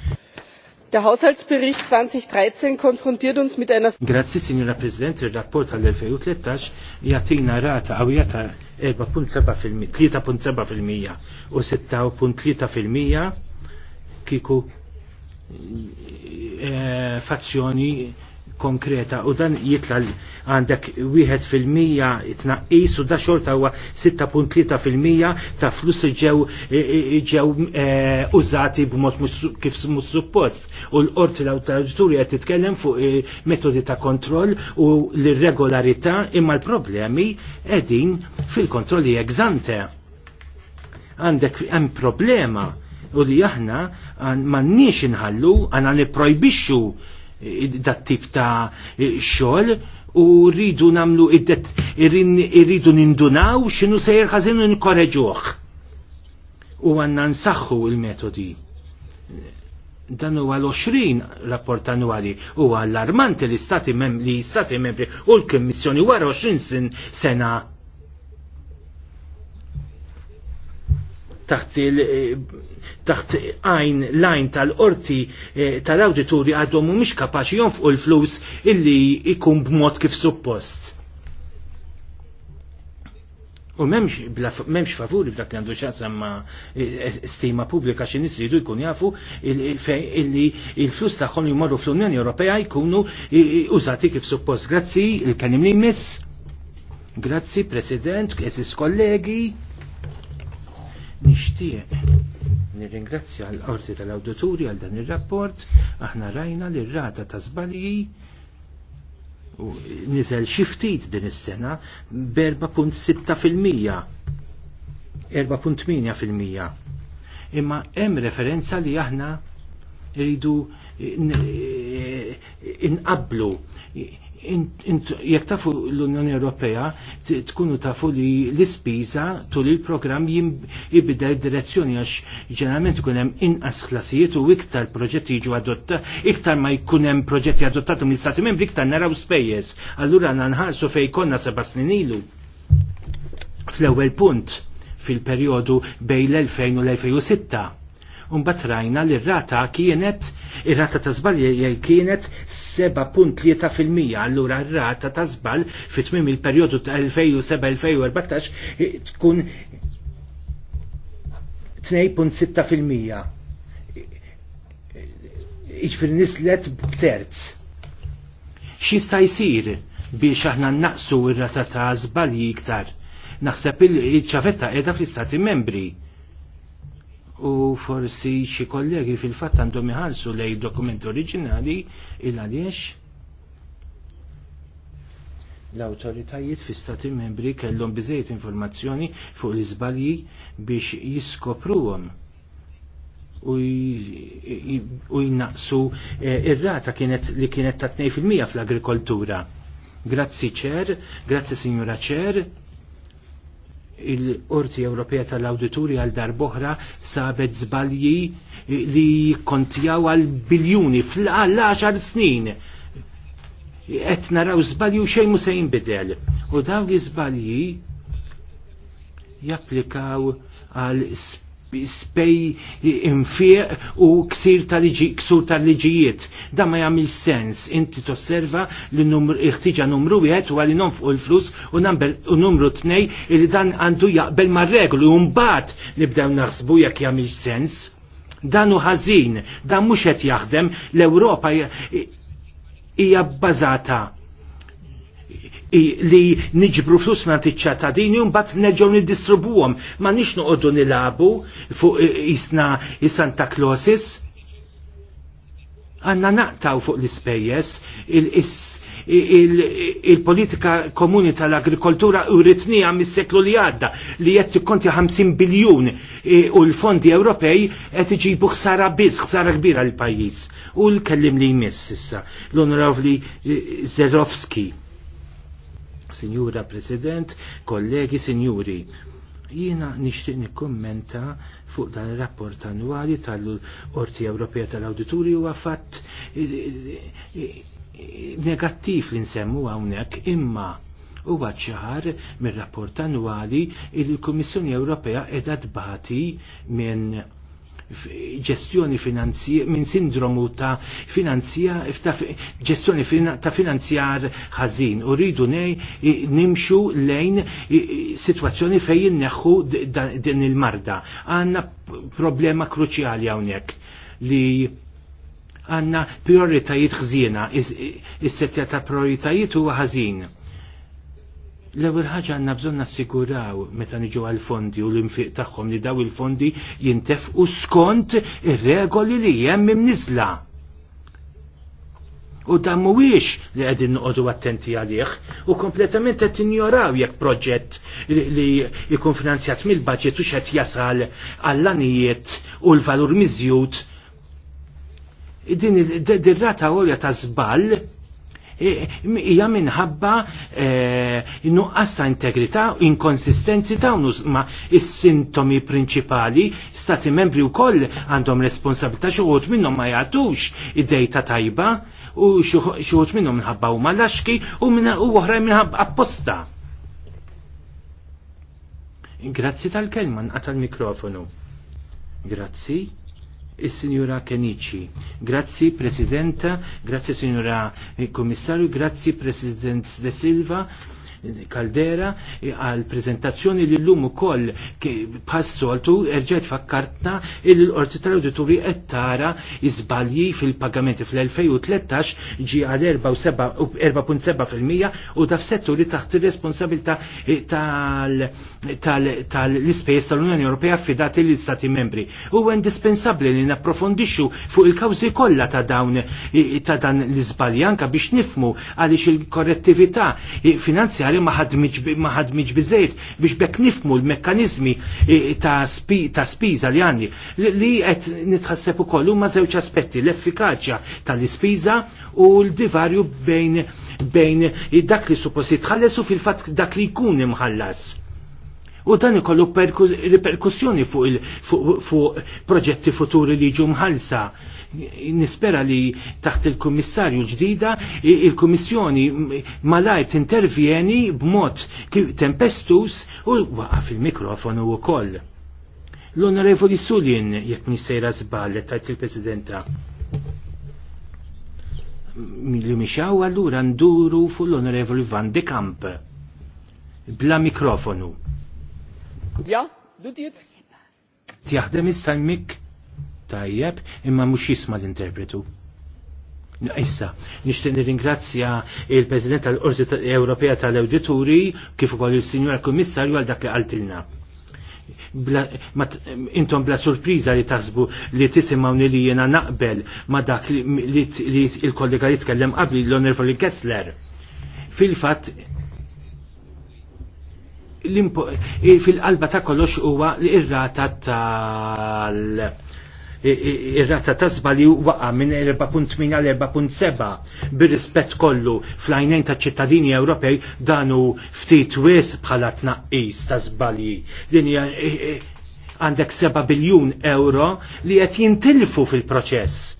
Der Haushaltsbericht 2013 konfrontiert uns mit einer Grazzi Signora President, il-rapport tal-2013 jatina rata għawija ta' 3.7% u 6.3% kiku eh, fazzjoni konkreta u dan jitla għandek 1% tnaqqis u da xorta huwa 6.3% ta' flus ġew ġew e, użati b'mod kif mhux suppost. U l-qorti l-awtoriturja titkellem fuq e, metodi ta' kontroll u l-irregolarità imma l-problemi qegħdin fil-kontrolli eżante. Għandek hemm problema u li aħna m'għandniex inħallu għandna nipprojbixxu dat tip ta' xogħol u rridu namlu irridu nindunaw x'inhu sejjer ħażin u U għandna nsaħħu il-metodi dan huwa l-20 rapport annwali huwa allarmanti li stati li stati membri u l kommissjoni wara 20 sena taħt il eh, taħt għajn lajn tal-qorti eh, tal awdituri għadhom mhumiex kapaċi jonfqu l-flus illi ikun b'mod kif suppost. U memx, favuri f'dak li għandu xasam ma eh, stima publika xin nisridu jkun jafu illi il-flus taħħon jumorru fl-Unjoni Ewropea jkunu użati kif suppost. Grazzi, il-kanim li miss. Grazzi, President, eżis kollegi. Nixtieq nirringrazzja l-qorti tal-awdituri għal dan ir-rapport, aħna rajna li r-rata ta' żbalji niżel xi ftit din is-sena b'4.6%. 4.8% imma hemm referenza li aħna rridu inqablu in jekk tafu l-Unjoni Ewropea tkunu tafu li l-ispiża tul il-programm id direzzjoni għax ġeneralment ikun hemm inqas ħlasijiet u iktar proġetti jiġu adotta, iktar ma jkun hemm proġetti adottati mill istati Membri iktar naraw spejjeż. Allura nanħarsu fejn konna seba' snin ilu. Fl-ewwel punt fil-perjodu bejn l-2000 u l-2006 un batrajna li r-rata kienet, ir-rata ta' zbal kienet 7.3%, allura r-rata ta' zbal fit-tmim il-periodu ta' 2007-2014 eh, tkun 2.6%. Eh, iġfir nislet b'terz. Xista jisir biex aħna naqsu r-rata ta' zbalji iktar? Naħseb il-ċavetta edha fl-istati membri u forsi xi kollegi fil-fatt għandhom iħarsu lej dokument oriġinali il għaliex l-autoritajiet fi stati membri kellhom biżejjed informazzjoni fuq l-iżbalji biex jiskopruhom u jnaqsu eh, ir-rata kienet li kienet ta' 2% fl-agrikoltura. Grazzi ċer, grazzi signora ċer il-Qorti Ewropea tal-Awdituri għal darboħra sabet zbalji li kontjaw għal biljuni fl-10 snin. Et naraw zbalji u xejn mu se jinbidel. U dawn li zbalji japplikaw għal spej infieq u ksir tal ksur tal-liġijiet. Da ma jagħmel sens. Inti tosserva li iħtiġa numru wieħed u għalli fuq il flus u numru tnej li dan għandu jaqbel mar-reglu u mbagħad nibdew naħsbu jekk jagħmel sens. Dan hu ħażin, dan mhux qed jaħdem l-Ewropa hija bbażata li niġbru flus ma t-ċatadini un bat nerġaw nid-distribuwom. Ma nix nuqoddu nilabu fuq isna Santa Clausis. Għanna naqtaw fuq l-ispejjes il-politika komuni tal-agrikoltura u ritnija mis-seklu li għadda li qed tikkonti 50 biljun e, u l-fondi Ewropej qed iġibu ħsara biss, ħsara kbira l-pajjiż. U l-kellim li jmiss issa, l onorovli e, Zerowski. Signora President, kollegi, signori, Jiena nixtieq nikkummenta fuq dan ir-rapport annwali tal-Qorti Ewropea tal-Awdituri huwa fatt negattiv li nsemmu hawnhekk imma huwa ċar mir-rapport annwali il-Kummissjoni Ewropea qiegħda tbati minn ġestjoni finanzjer minn sindromu ta' finanzja ta' ġestjoni ta' finanzjar ħażin u rridu nej nimxu lejn situazzjoni fejn jinneħħu din il-marda. Għanna problema kruċjali hawnhekk li għanna prioritajiet ħżiena, is-setja ta' prioritajiet huwa ħażin L-ewwel ħaġa għandna bżonn nassiguraw meta niġu għall-fondi u l-infiq tagħhom li daw il-fondi jintefqu skont ir-regoli li hemm imniżla. U dan mhuwiex li qegħdin noqogħdu attenti għalih u kompletament qed injoraw jekk proġett li jkun finanzjat mill-baġġett u x'qed jasal għall-anijiet u l-valur miżjud din ir-rata għolja ta' żball hija minħabba eh, nuqqas ta' integrità, inkonsistenzi ta' ma is-sintomi prinċipali stati membri wkoll għandhom responsabilità xi wħud minnhom ma jgħatux id-dejta tajba u xi wħud minnhom minħabba huma laxki u oħrajn minħabba apposta. Grazzi tal kelman nqata' l-mikrofonu. Grazzi il-Sinjura Kenici. Grazzi Presidenta, grazzi Sinjura Komissarju, grazzi President De Silva Caldera eh, għal prezentazzjoni li l-lum ukoll passoltu erġed fakkartna il l-Qorti tal-Awdituri qed izbalji fil-pagamenti fl-2013 ġi għal 4.7% u taf settu li taħt ir-responsabilità eh, tal tal-tal-ispejs tal-Unjoni Ewropea fidati l-Istati membri. U indispensabbli li napprofondixxu fuq il-kawżi kollha ta' dawn eh, ta' dan l-iżbalji anka biex nifmu għaliex il-korrettività finanzjarja ġenerali ma ħadmiġ bizzejt biex bekk nifmu l-mekkanizmi eh, ta' spiża li għandi li qed nitħasseb ukoll huma żewġ aspetti l-effikaċja tal-ispiża u l-divarju bejn bejn dak li suppost jitħalles u fil-fatt dak li jkun imħallas u dan ikollu riperkussjoni fuq il fuq proġetti futuri li jiġu mħalsa. Nispera li taħt il-Kummissarju ġdida il-Kummissjoni malajr tintervjeni b'mod tempestus u waqaf il-mikrofonu wkoll. L-Onorevoli Sulin, jekk mi sejra żball, tajt il-Presidenta li mixaw għallura nduru fuq l-Onorevoli Van de Kamp bla mikrofonu. Ja, dudjiet. Tjaħdem issa l tajjeb imma mhux jisma l-interpretu. Issa, nixtieq nirringrazzja il-President tal-Qorti Ewropea tal-Awdituri kif ukoll il sinjur Kummissarju għal dak li qaltilna. Intom bla surpriża li taħsbu li tisimgħu li jiena naqbel ma dak li il-kollega li tkellem qabli l-Onorevoli Kessler. Fil-fatt Eh, fil-qalba ta' kollox huwa l-irrata tal- rata tal ir-rata ta' żbalji waqa' minn 4.8 għal 4.7 bir-rispett kollu fl-għajnejn ta' ċittadini Ewropej danu ftit wis bħala tnaqqis ta' żbalji. Din hija eh, eh, għandek 7 biljun euro li qed jintilfu fil-proċess.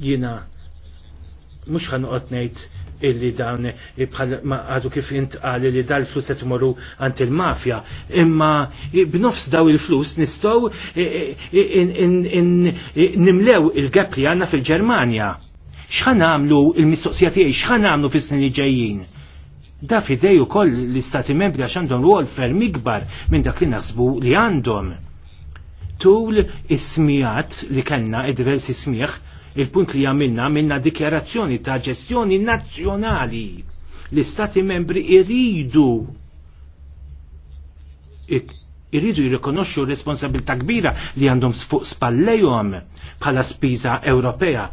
Jina mhux ħanqod ngħid illi dan bħal għadu kif għal li dal flus qed imorru għand il-mafja. Imma b'nofs daw il-flus nistgħu e, e, e, nimlew il-gap li għandna fil-Ġermanja. X'ħan għamlu il-mistoqsija tiegħi x'ħan għamlu fis-snin li ġejjin? Da fidej ukoll l-istati membri għax għandhom rwol ferm ikbar minn dak li naħsbu li għandhom. Tul is-smijat li kellna id-diversi smieħ il-punt li għamilna minna dikjarazzjoni ta' ġestjoni nazzjonali. L-istati membri iridu irridu jirrikonoxxu responsabilità kbira li għandhom fuq spallejhom bħala spiża Ewropea.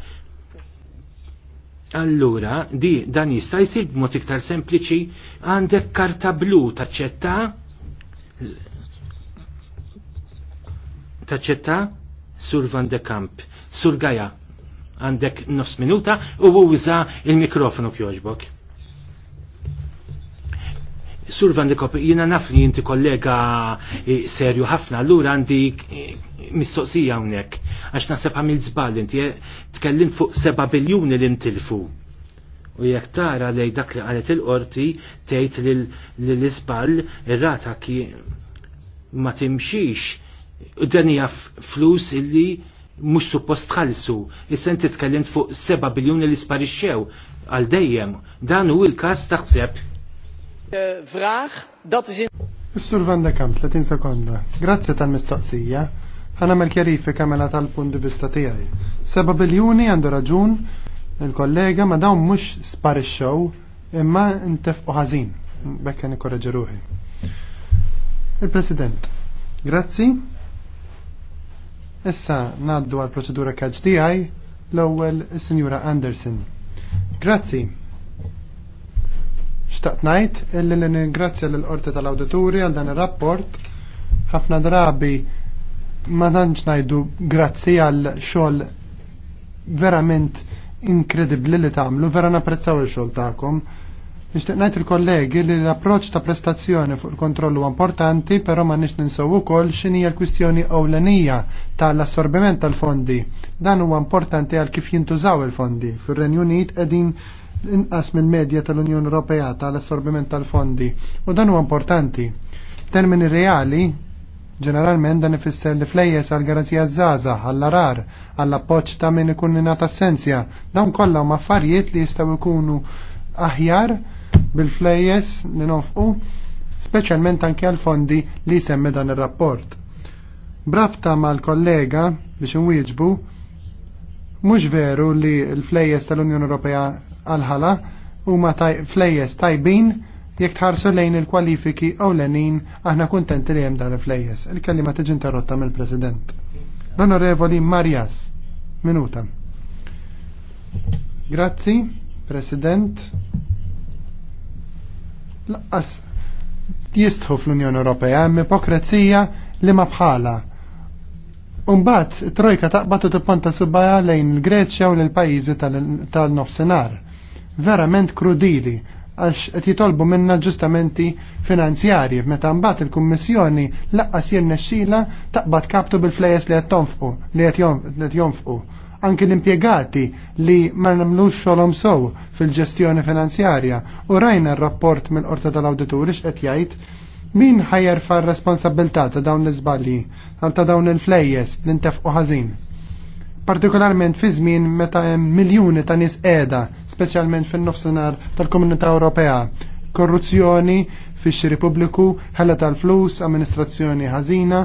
Allura, di dan jista' jsir b'mod iktar sempliċi għandek karta blu taċċetta taċċetta sur Van de Kamp, sur Gaja, għandek nofs minuta u uża il-mikrofonu kjoġbok. Sur Van de Kopi, jina naf li jinti kollega e, serju ħafna, allura għandi e, mistoqsija hawnhekk għax naħseb għamil żball inti e, tkellim fuq 7 biljoni li ntilfu. U jekk tara li dak li qalet il-qorti tgħid li l-iżball ir-rata ma timxix u dan hija flus illi mux suppost tħallsu, issa inti tkellimt fuq 7 biljuni li sparixxew għal dejjem. Dan u l-każ taħseb. Eh, Vraħ, dat iżin. Is-Sur Van Kamp, 30 sekonda. Grazzi tal-mistoqsija. Ħanamel kjarifika mela tal punti di vista tiegħi. 7 biljuni għandu raġun il-kollega ma dawn mhux sparixxew imma ntefqu ħażin. Bekka nikkoreġi Il-President, grazzi. Issa naddu għal proċedura kaġ diħaj l-ewwel is senjura Anderson. Grazzi. Xtaqt ngħid illi li ningrazzja lill qorti tal-Awdituri għal dan ir-rapport ħafna drabi ma tantx ngħidu grazzi għal xogħol verament inkredibli li tagħmlu, vera napprezzaw il-xogħol tagħkom Nixtieq ngħid il-kollegi li l-approċċ ta' prestazzjoni fuq il-kontrollu importanti, però ma nix ninsew ukoll x'inija l-kwistjoni ewlenija tal-assorbiment tal-fondi. Dan huwa importanti għal kif jintużaw il-fondi. Fir-Renju Unit qegħdin inqas mill-medja tal-Unjoni Ewropea tal-assorbiment tal-fondi u dan huwa importanti. Termini reali ġeneralment dan ifisser li flejjes għal garanzija zaza, għall-arar, għall-appoġġ ta' min ikun nata assenzja. Dawn kollha huma affarijiet li jistgħu jkunu aħjar bil-flejjes li nofqu, speċjalment anke għal fondi li semmi dan ir-rapport. Brabta mal-kollega biex inwieġbu, mhux veru li l-flejjes tal-Unjoni Ewropea għal-ħala huma flejjes tajbin jekk tħarsu lejn il-kwalifiki u lenin aħna kuntenti li hemm dan il-flejjes. il kellima tiġi interrotta mill-President. L-Onorevoli Marjas, minuta. Grazzi, President laqqas jistħu fl-Unjoni Ewropea hemm ipokrazija li ma bħala. Umbat, trojka taqbad u tipponta subbaja lejn il-Greċja u l-pajjiżi tal-nofsinhar. Verament krudili, għax qed jitolbu minna ġustamenti finanzjarji meta mbagħad il-Kummissjoni laqqas sir taqbad kaptu bil-flejes li qed tonfqu li qed jonfqu anki l-impiegati li ma nagħmlux xolom sow fil-ġestjoni finanzjarja u rajna r-rapport mill-qorta tal-awdituri x'qed jgħid min ħajjar fa' responsabilità ta' dawn l-iżbalji għal ta' dawn il-flejjes li ntefqu ħażin. Partikolarment fi żmien meta hemm miljuni ta' nies qiegħda, speċjalment fin-nofsinhar tal-Komunità Ewropea, korruzzjoni fix-xiri pubbliku, ħella tal-flus, amministrazzjoni ħażina,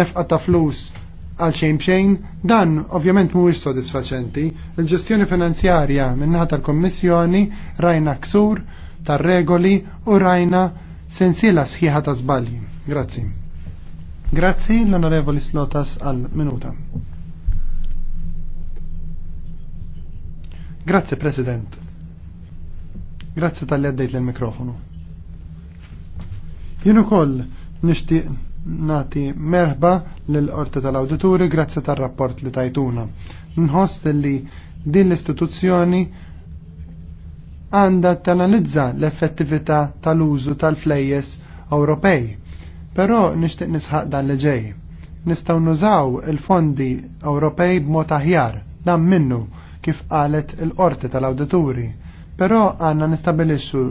nefqa ta' flus għal xejn bxejn, dan ovvjament mhuwiex sodisfaċenti. Il-ġestjoni finanzjarja min-naħa tal-Kommissjoni rajna ksur tar-regoli u rajna sensiela sħiħa ta' żbalji. Grazzi. Grazzi l-Onorevoli Slotas għal minuta. Grazzi President. Grazzi tal-li għaddejt l-mikrofonu. Jien ukoll nixtieq nati merħba l-Qorti tal-Awdituri grazzi tal-rapport li tajtuna. Nħoss li din l-istituzzjoni għanda tanalizza l-effettività tal-użu tal-flejjes Ewropej. Però nixtieq nisħaq dan li ġej. Nistgħu nużaw il-fondi Ewropej b'mod aħjar dan minnu kif qalet il-qorti tal-awdituri. Però għandna nistabilixxu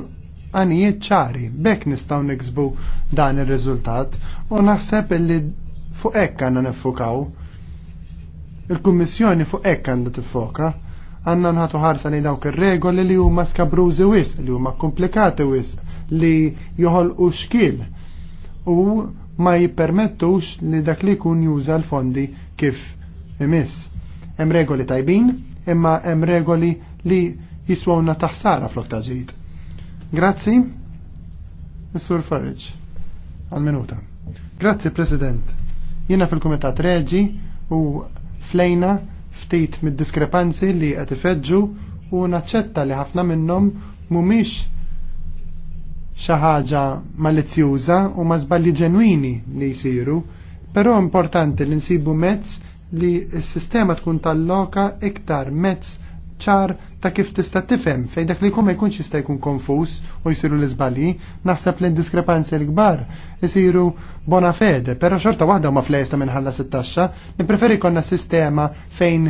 għanijiet ċari, bekk nistaw niksbu dan il-rizultat u naħseb li fuq ekkan għan nifukaw. Il-Kummissjoni fuq ekk għanna tifoka għanna nħatu ħarsa li dawk ir-regoli li huma skabrużi wis, li huma komplikati wis, li u xkil u ma jippermettux li dak li kun juża l-fondi kif imiss. Hemm regoli tajbin, imma hemm regoli li jiswawna taħsara flok taġid. Grazzi, Mr. Farage, għal-minuta. Grazzi, President. Jiena fil-Kumitat Reġi u flejna ftit mid-diskrepanzi li qed ifeġġu u naċċetta li ħafna minnhom mhumiex xi ħaġa malizzjuża u ma żballi ġenwini li jsiru, però importanti li nsibu mezz li s-sistema tkun talloka iktar mezz ċar ta' kif tista' tifhem fejn dak li jkun ma jkunx jista' jkun konfuż u jsiru l-iżbalji, naħseb li diskrepanzi l-kbar isiru bona fede, però xorta waħda ma flejes ta' minħalla sittaxxa, nippreferi konna sistema fejn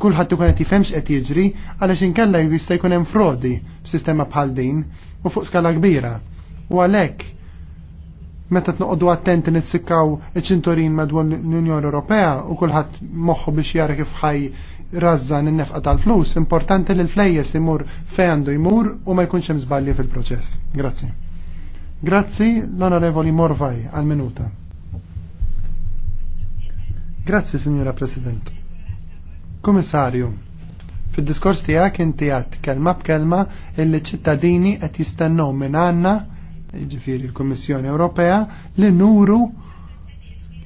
kulħadd ikun qed jifhemx qed jiġri għaliex inkella jista' jkun hemm frodi b'sistema bħal din u fuq skala kbira. U għalhekk meta tnoqdu attenti nissikkaw iċ-ċinturin madwar l-Unjoni Ewropea u kulħadd moħħu biex jara kif ħaj razza n nefqa tal-flus, importanti li l-flejjes imur fejandu jmur u ma jkunx hemm żbalji fil-proċess. Grazzi. Grazzi l-Onorevoli Morvaj għal minuta. Grazzi, Signora President. Komissarju, fil-diskors tiegħek inti għat kelma b'kelma illi ċittadini qed jistennu minn għandna, jiġifieri l-Kummissjoni Ewropea, li nuru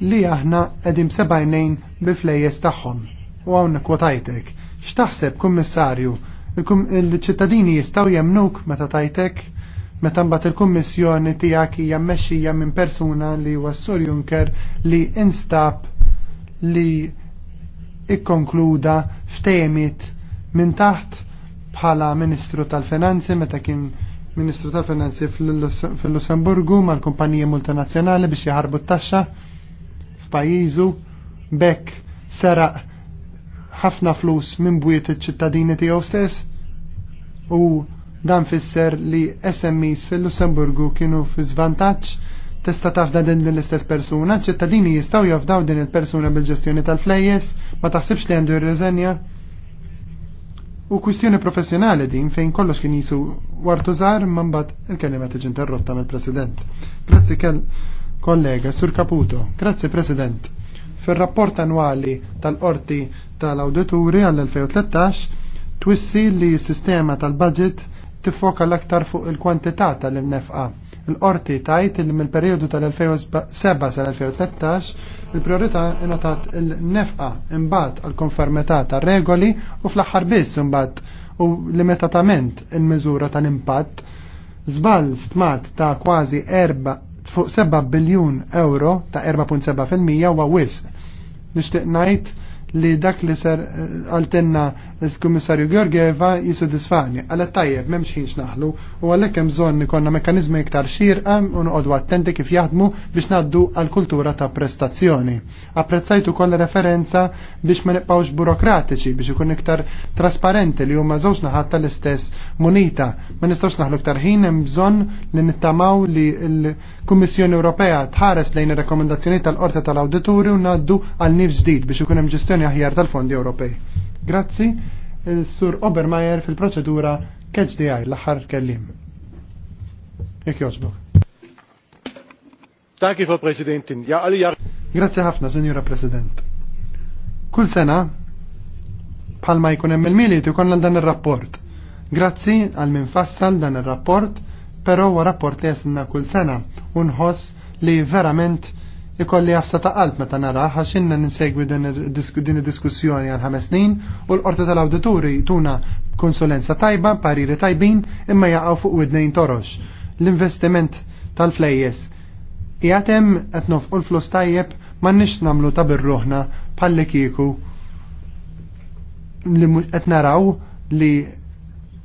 li aħna qegħdin sebajnejn bil-flejjes tagħhom u għawnek kwotajtek. X'taħseb, kummissarju, il-ċittadini jistaw jemnuk meta tajtek, meta mbagħad il-kummissjoni tiegħek hija mmexxija minn persuna li wassur Sur li instab li ikkonkluda f'temit minn taħt bħala Ministru tal-Finanzi meta kien Ministru tal-Finanzi fil-Lussemburgu mal-kumpaniji multinazzjonali biex jaħarbu t-taxxa f'pajjiżu bekk seraq ħafna flus minn bwiet iċ-ċittadini tiegħu stess u dan fisser li SMEs fil-Lussemburgu kienu fi żvantaġġ tista' tafda din l-istess persuna, ċittadini jistgħu jafdaw din il-persuna bil-ġestjoni tal-flejjes, ma taħsibx li għandu ir-reżenja. U kwistjoni professjonali din fejn kollox kien jisu wartu żgħar ma mbagħad il kelima tiġi interrotta mill-President. Grazzi kell kollega Sur Caputo. Grazzi President. Fir-rapport annwali tal-Qorti tal-Awdituri għall-2013 twissi li s-sistema tal-budget tifoka l-aktar fuq il-kwantità tal nefqa Il-qorti tajt li mill-periodu tal-2007 sal-2013 il-priorità inotat il-nefqa imbat għal konformità tal-regoli u fl axar biss imbat u limitatament il-miżura tal-impatt zbal stmat ta' kważi erba fuq 7 biljun euro ta' 4.7% wa wisq. Nixtieq ngħid li dak li ser eh, għaltenna il-Kummissarju Georgieva jisudisfani. Għalla tajjeb, memx ħinx naħlu, u għallek hemm bżonn ikonna mekkanizmi iktar xirqa u noqogħdu attenti kif jaħdmu biex naddu għal-kultura ta' prestazzjoni. Apprezzajtu koll referenza biex ma nibqgħux burokratiċi biex ikun iktar trasparenti li huma żewġ naħat tal-istess munita. Ma nistax naħlu iktar ħin hemm bżonn li nittamaw li l-Kummissjoni Ewropea tħares lejn ir-rekomendazzjoni tal orta tal-Awdituri u naddu għal nif ġdid biex ikun hemm ġestjoni ġestjoni aħjar tal-fondi Ewropej. Grazzi, sur Obermeier fil-proċedura Catch the Eye, l-aħħar kellim. Jek joġbok. Danki, Frau Presidentin. Ja, għalli Grazzi ħafna, Senjora President. Kull sena, bħalma jkun hemm il-mili tikonna dan ir-rapport. Grazzi għal min fassal dan ir-rapport, però huwa rapport li jasinna kull sena u nħoss li verament ikolli jafsa ta' qalb meta nara ħaxinna ninsegwi din id-diskussjoni għal ħames snin u l-qorti tal-awdituri tuna konsulenza tajba, pariri tajbin, imma jaqgħu fuq widnejn torox. L-investiment tal-flejjes jgħatem qed nofqu l-flus tajjeb ma nix namlu ta' birruħna palli kieku li qed naraw li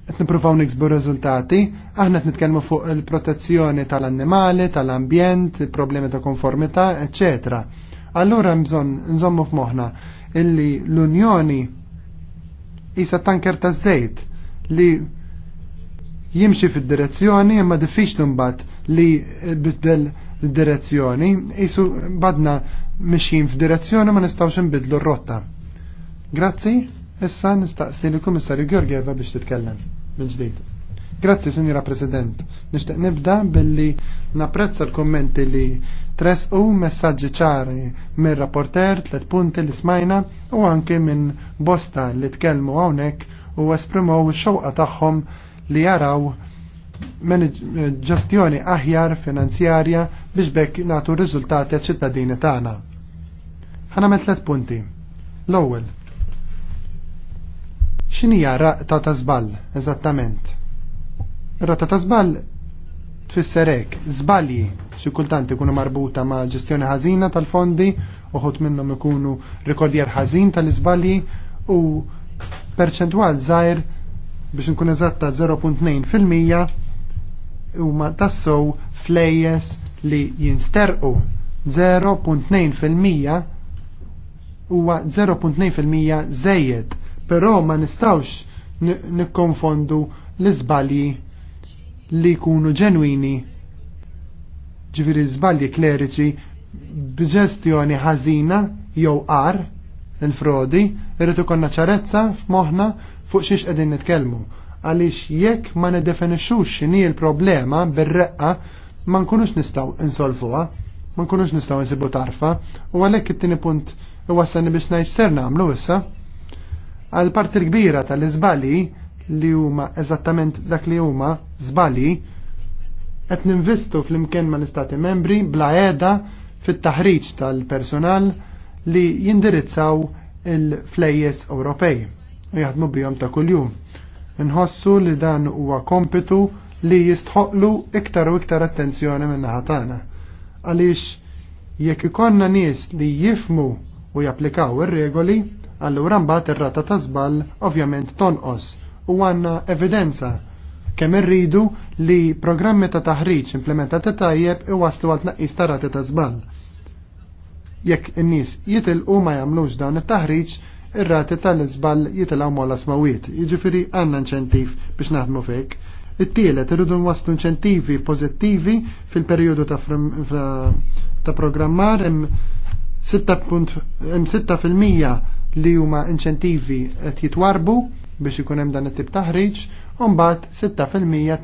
qed nippruvaw niksbu riżultati, aħna qed nitkellmu fuq il-protezzjoni tal-annimali, tal-ambjent, problemi ta' konformità, eċetera. Allura bżonn nżommu f'moħħna illi l-Unjoni isa tanker ta' żejt li jimxi fid-direzzjoni imma diffiċli mbagħad li biddel direzzjoni, jisu badna mixin f'direzzjoni ma nistawx nbidlu r-rotta. Grazzi, issa nistaqsi l-Kummissarju Gjorgjeva biex titkellem minn ġdid. Grazzi, Sinjora President. Nixtieq nibda billi napprezza l-kommenti li tresqu messaġġi ċari minn rapporter tliet punti li smajna u anke minn bosta li tkellmu hawnhekk u esprimaw x xewqa tagħhom li jaraw ġestjoni aħjar finanzjarja biex bekk nagħtu riżultati ċittadini tagħna. Ħana tliet punti. L-ewwel, X'inhija raqta ta' zbal, eżattament? Raqta ta' żball tfisser hekk, żbalji xi marbuta ma' ġestjoni ħażina tal-fondi, uħut minnhom ikunu rikordjar ħażin tal-iżbalji u perċentwal żgħir biex nkun eżatta 0.2% huma tassow flejjes li jinsterqu 0.2% huwa 0.2% żejjed però ma nistawx nikkonfondu l-iżbalji li jkunu ġenwini ġifiri żbalji kleriċi b'ġestjoni ħażina jew ar il-frodi, irritu konna ċarezza f'moħħna fuq xiex edin nitkellmu. Għaliex jekk ma nedefinixux xini l-problema bir-reqqa ma nkunux nistgħu insolvuha, ma nkunux nistgħu nsibu tarfa, u għalhekk it-tieni punt iwassalni biex ngħid ser nagħmlu issa għal parti kbira tal izbali li huma eżattament dak li huma zbali qed ninvestu fl-imkien ma' l-istati membri bla għeda fit-taħriġ tal-personal li jindirizzaw il-flejjes Ewropej u jaħdmu bihom ta' kuljum. Nħossu li dan huwa kompitu li jistħoqlu iktar u iktar attenzjoni minn ħatana. Għaliex jekk ikonna nies li jifmu u japplikaw ir-regoli, allura mbagħad ir-rata ta' żball ovvjament tonqos u għandna evidenza kemm irridu li programmi ta' taħriġ implementati tajjeb iwaslu għal tnaqqis ta' rati ta' żball. Jekk in-nies jitilqu ma jagħmlux dawn it-taħriġ, ir-rati tal-iżball jitilgħu mola smawiet, jiġifieri għandna inċentiv biex naħdmu fejk. It-tielet irridu nwaslu inċentivi pożittivi fil-perjodu ta', ta programmar 6% li huma inċentivi qed jitwarbu biex ikun hemm dan it-tip taħriġ u mbagħad 6%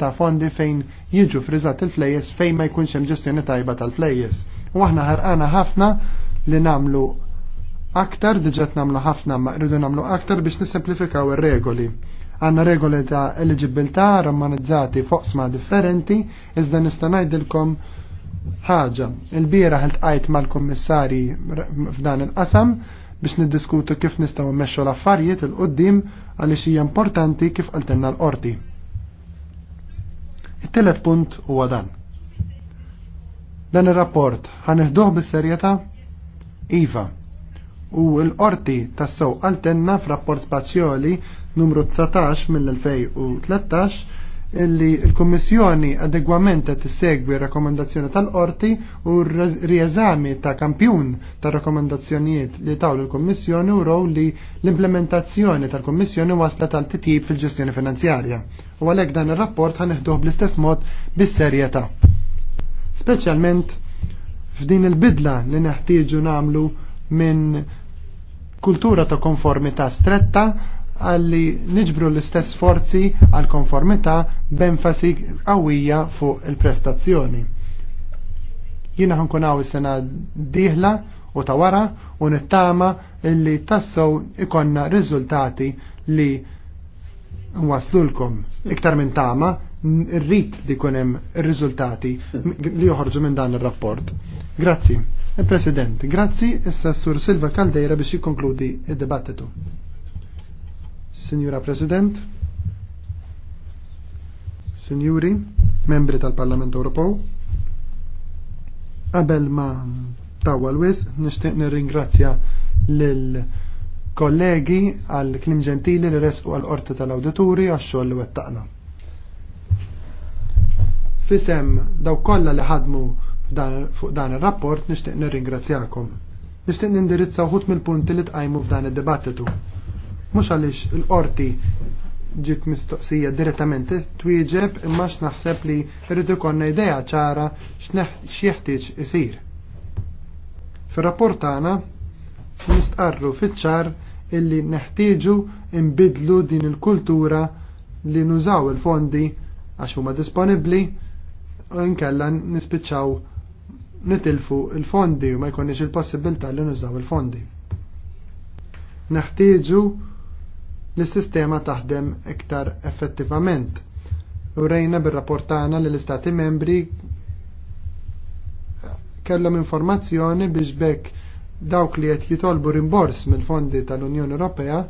ta' fondi fejn jiġu friżat il-flejjes fejn ma jkunx hemm ġestjoni tajba tal-flejjes. U aħna ħarqana ħafna li nagħmlu aktar, diġet nagħmlu ħafna ma rridu nagħmlu aktar biex nisimplifikaw ir-regoli. Għanna regoli ta' eligibilità rammanizzati foqsma differenti, iżda nista' ngħidilkom ħaġa. Il-bira ħiltqajt mal-kommissari f'dan il-qasam biex niddiskutu kif nistgħu mmexxu l-affarijiet il-qoddim għaliex hija importanti kif qaltilna l-qorti. It-tielet punt huwa dan. Dan ir-rapport ħanieħduh bis-serjetà? Iva. U l-qorti tassew qaltenna f'rapport spazjoli numru 19 mill-2013 illi l-Kommissjoni adegwament qed tissegwi rakkomandazzjoni tal-qorti u r-rieżami ta' kampjun ta' rakkomandazzjonijiet li taw l-Kommissjoni uraw li l-implementazzjoni tal-Kommissjoni wasla tal-titjib fil-ġestjoni finanzjarja. U għalhekk dan ir-rapport ħaneħduh bl-istess mod bis-serjetà. Speċjalment f'din il-bidla li neħtieġu nagħmlu minn kultura ta' konformità stretta għalli niġbru l-istess forzi għal konformità b'enfasi qawwija fuq il-prestazzjoni. Jiena ħankun hawn is-sena diħla u ta' wara u nittama illi tassow ikonna riżultati li waslulkom iktar minn tama rrit li kunem riżultati li joħorġu minn dan ir-rapport. Grazzi. Il-President, grazzi issa Sur Silva Caldeira biex jikkonkludi id-dibattitu. Signora President, Signori, membri tal-Parlament Ewropew, qabel ma tawa l-wis, nixtieq nirringrazzja lill kollegi għal klim ġentili li resqu għal qorti tal-awdituri għax-xogħol li wettaqna. Fisem daw kollha li ħadmu fuq dan ir-rapport nixtieq nirringrazzjakom. Nixtieq nindirizza wħud mill-punti li tqajmu f'dan id-dibattitu. Mhux għaliex il-qorti ġiet mistoqsija direttament twieġeb imma x'naħseb li rridu konna idea ċara x'jeħtieġ isir. Fir-rapport tagħna nistqarru fiċ-ċar illi neħtieġu imbidlu din il-kultura li nużaw il-fondi għax huma disponibbli u nkella nispiċċaw nitilfu il-fondi u ma jkunniex il-possibilità li nużaw il-fondi. Neħtieġu l sistema taħdem iktar effettivament. U rejna bir rapportana li l-Istati membri kellhom informazzjoni biex bekk dawk li qed jitolbu rimbors mill-fondi tal-Unjoni Ewropea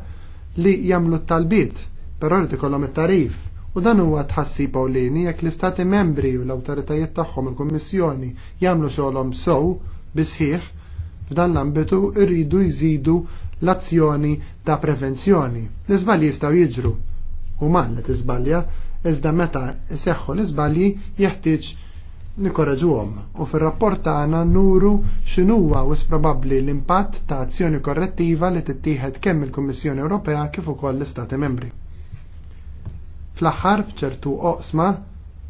li jagħmlu t-talbiet, però rid ikollhom it-tarif. U dan huwa tħassib Pawlini jekk l-Istati membri u l-awtoritajiet tagħhom il-Kummissjoni jagħmlu xogħolhom sow bisħiħ f'dan l-ambitu irridu jżidu l-azzjoni ta' prevenzjoni. L-iżbalji jistgħu jiġru u man li tiżbalja, iżda meta seħħu l-iżbalji jeħtieġ għom. u fil rapport tagħna nuru x'inhuwa wis probabbli l-impatt ta' azzjoni korrettiva li tittieħed kemm il-Kummissjoni Ewropea kif ukoll l-Istati Membri. Fl-aħħar b'ċertu oqsma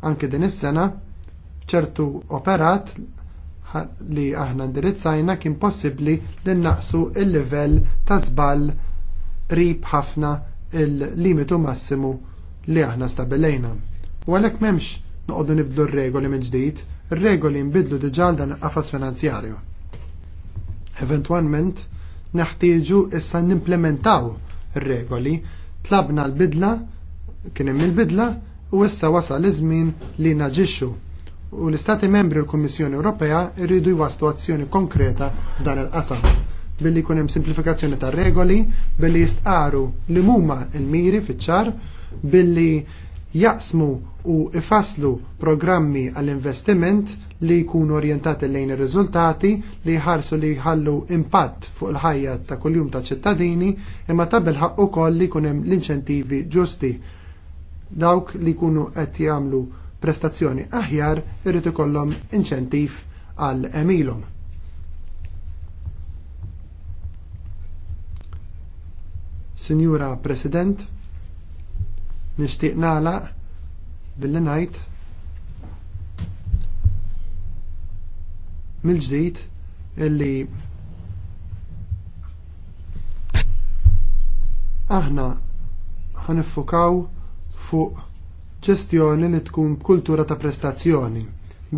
anke din is-sena ċertu operat li aħna ndirizzajna kien possibbli li naqsu il-livell ta' żball rib ħafna il-limitu massimu li aħna stabilejna. U għalhekk m'hemmx noqogħdu nibdlu r-regoli minn ġdid, ir-regoli nbidlu diġà dan qafas finanzjarju. Eventwalment neħtieġu issa nimplementaw ir-regoli, tlabna l-bidla, kien hemm il-bidla, u issa wasal iż-żmien li naġixxu u l-Istati membri u l-Kommissjoni Ewropea rridu jwaslu azzjoni konkreta f'dan il-qasam billi jkun hemm simplifikazzjoni ta' regoli, billi jistqaru li huma l-miri fiċ-ċar, billi jaqsmu u ifaslu programmi għall-investiment li jkunu orientati lejn ir-riżultati li jħarsu li jħallu impatt fuq il-ħajja ta' kuljum ta' ċittadini imma ta' ħaq ukoll li jkun hemm l-inċentivi ġusti dawk li jkunu qed jagħmlu prestazzjoni aħjar irrid ikollhom inċentiv għal emilhom. Sinjura President, nixtieq nagħlaq billi ngħid mill-ġdid illi aħna ħanifukaw fuq ġestjoni li tkun kultura ta' prestazzjoni.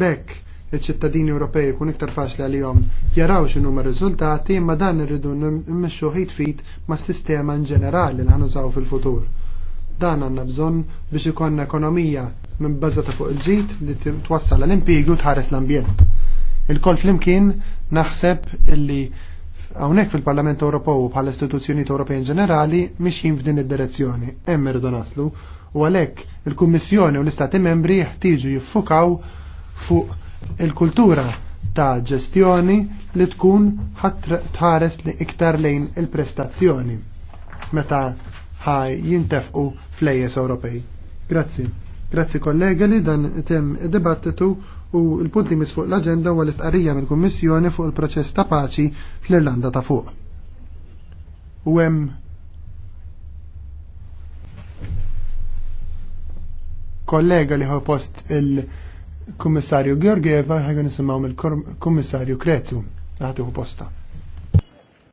Bekk iċ-ċittadini Ewropej kun iktar faċli għalihom jaraw x'inhu ma' riżultati imma dan irridu mmexxu ħid fit mas-sistema in ġenerali li ħanużaw fil-futur. Dan għandna bżonn biex ikonna ekonomija minn bażata fuq il-ġid li twassal l-impjiegi u tħares l-ambjent. Il-kol flimkien naħseb illi Hawnhekk fil-Parlament Ewropew bħala istituzzjonijiet Ewropej ġenerali mixjin f'din id-direzzjoni. Hemm irdu naslu U għalhekk il-Kummissjoni u l-Istati membri jeħtieġu jiffukaw fuq il-kultura ta' ġestjoni li tkun tħares li iktar lejn il-prestazzjoni meta ħaj jintefqu flejes Ewropej. Grazzi. Grazzi kollega li dan tem dibattitu u l-punt li misfuq l-agenda u l-istqarrija mill-Kummissjoni fuq il-proċess ta' paċi fl-Irlanda ta' fuq. U hemm kollega li post il kommissarju Georgieva ħagħu nisimaw mill Kommissarju Krezu għatiħu posta.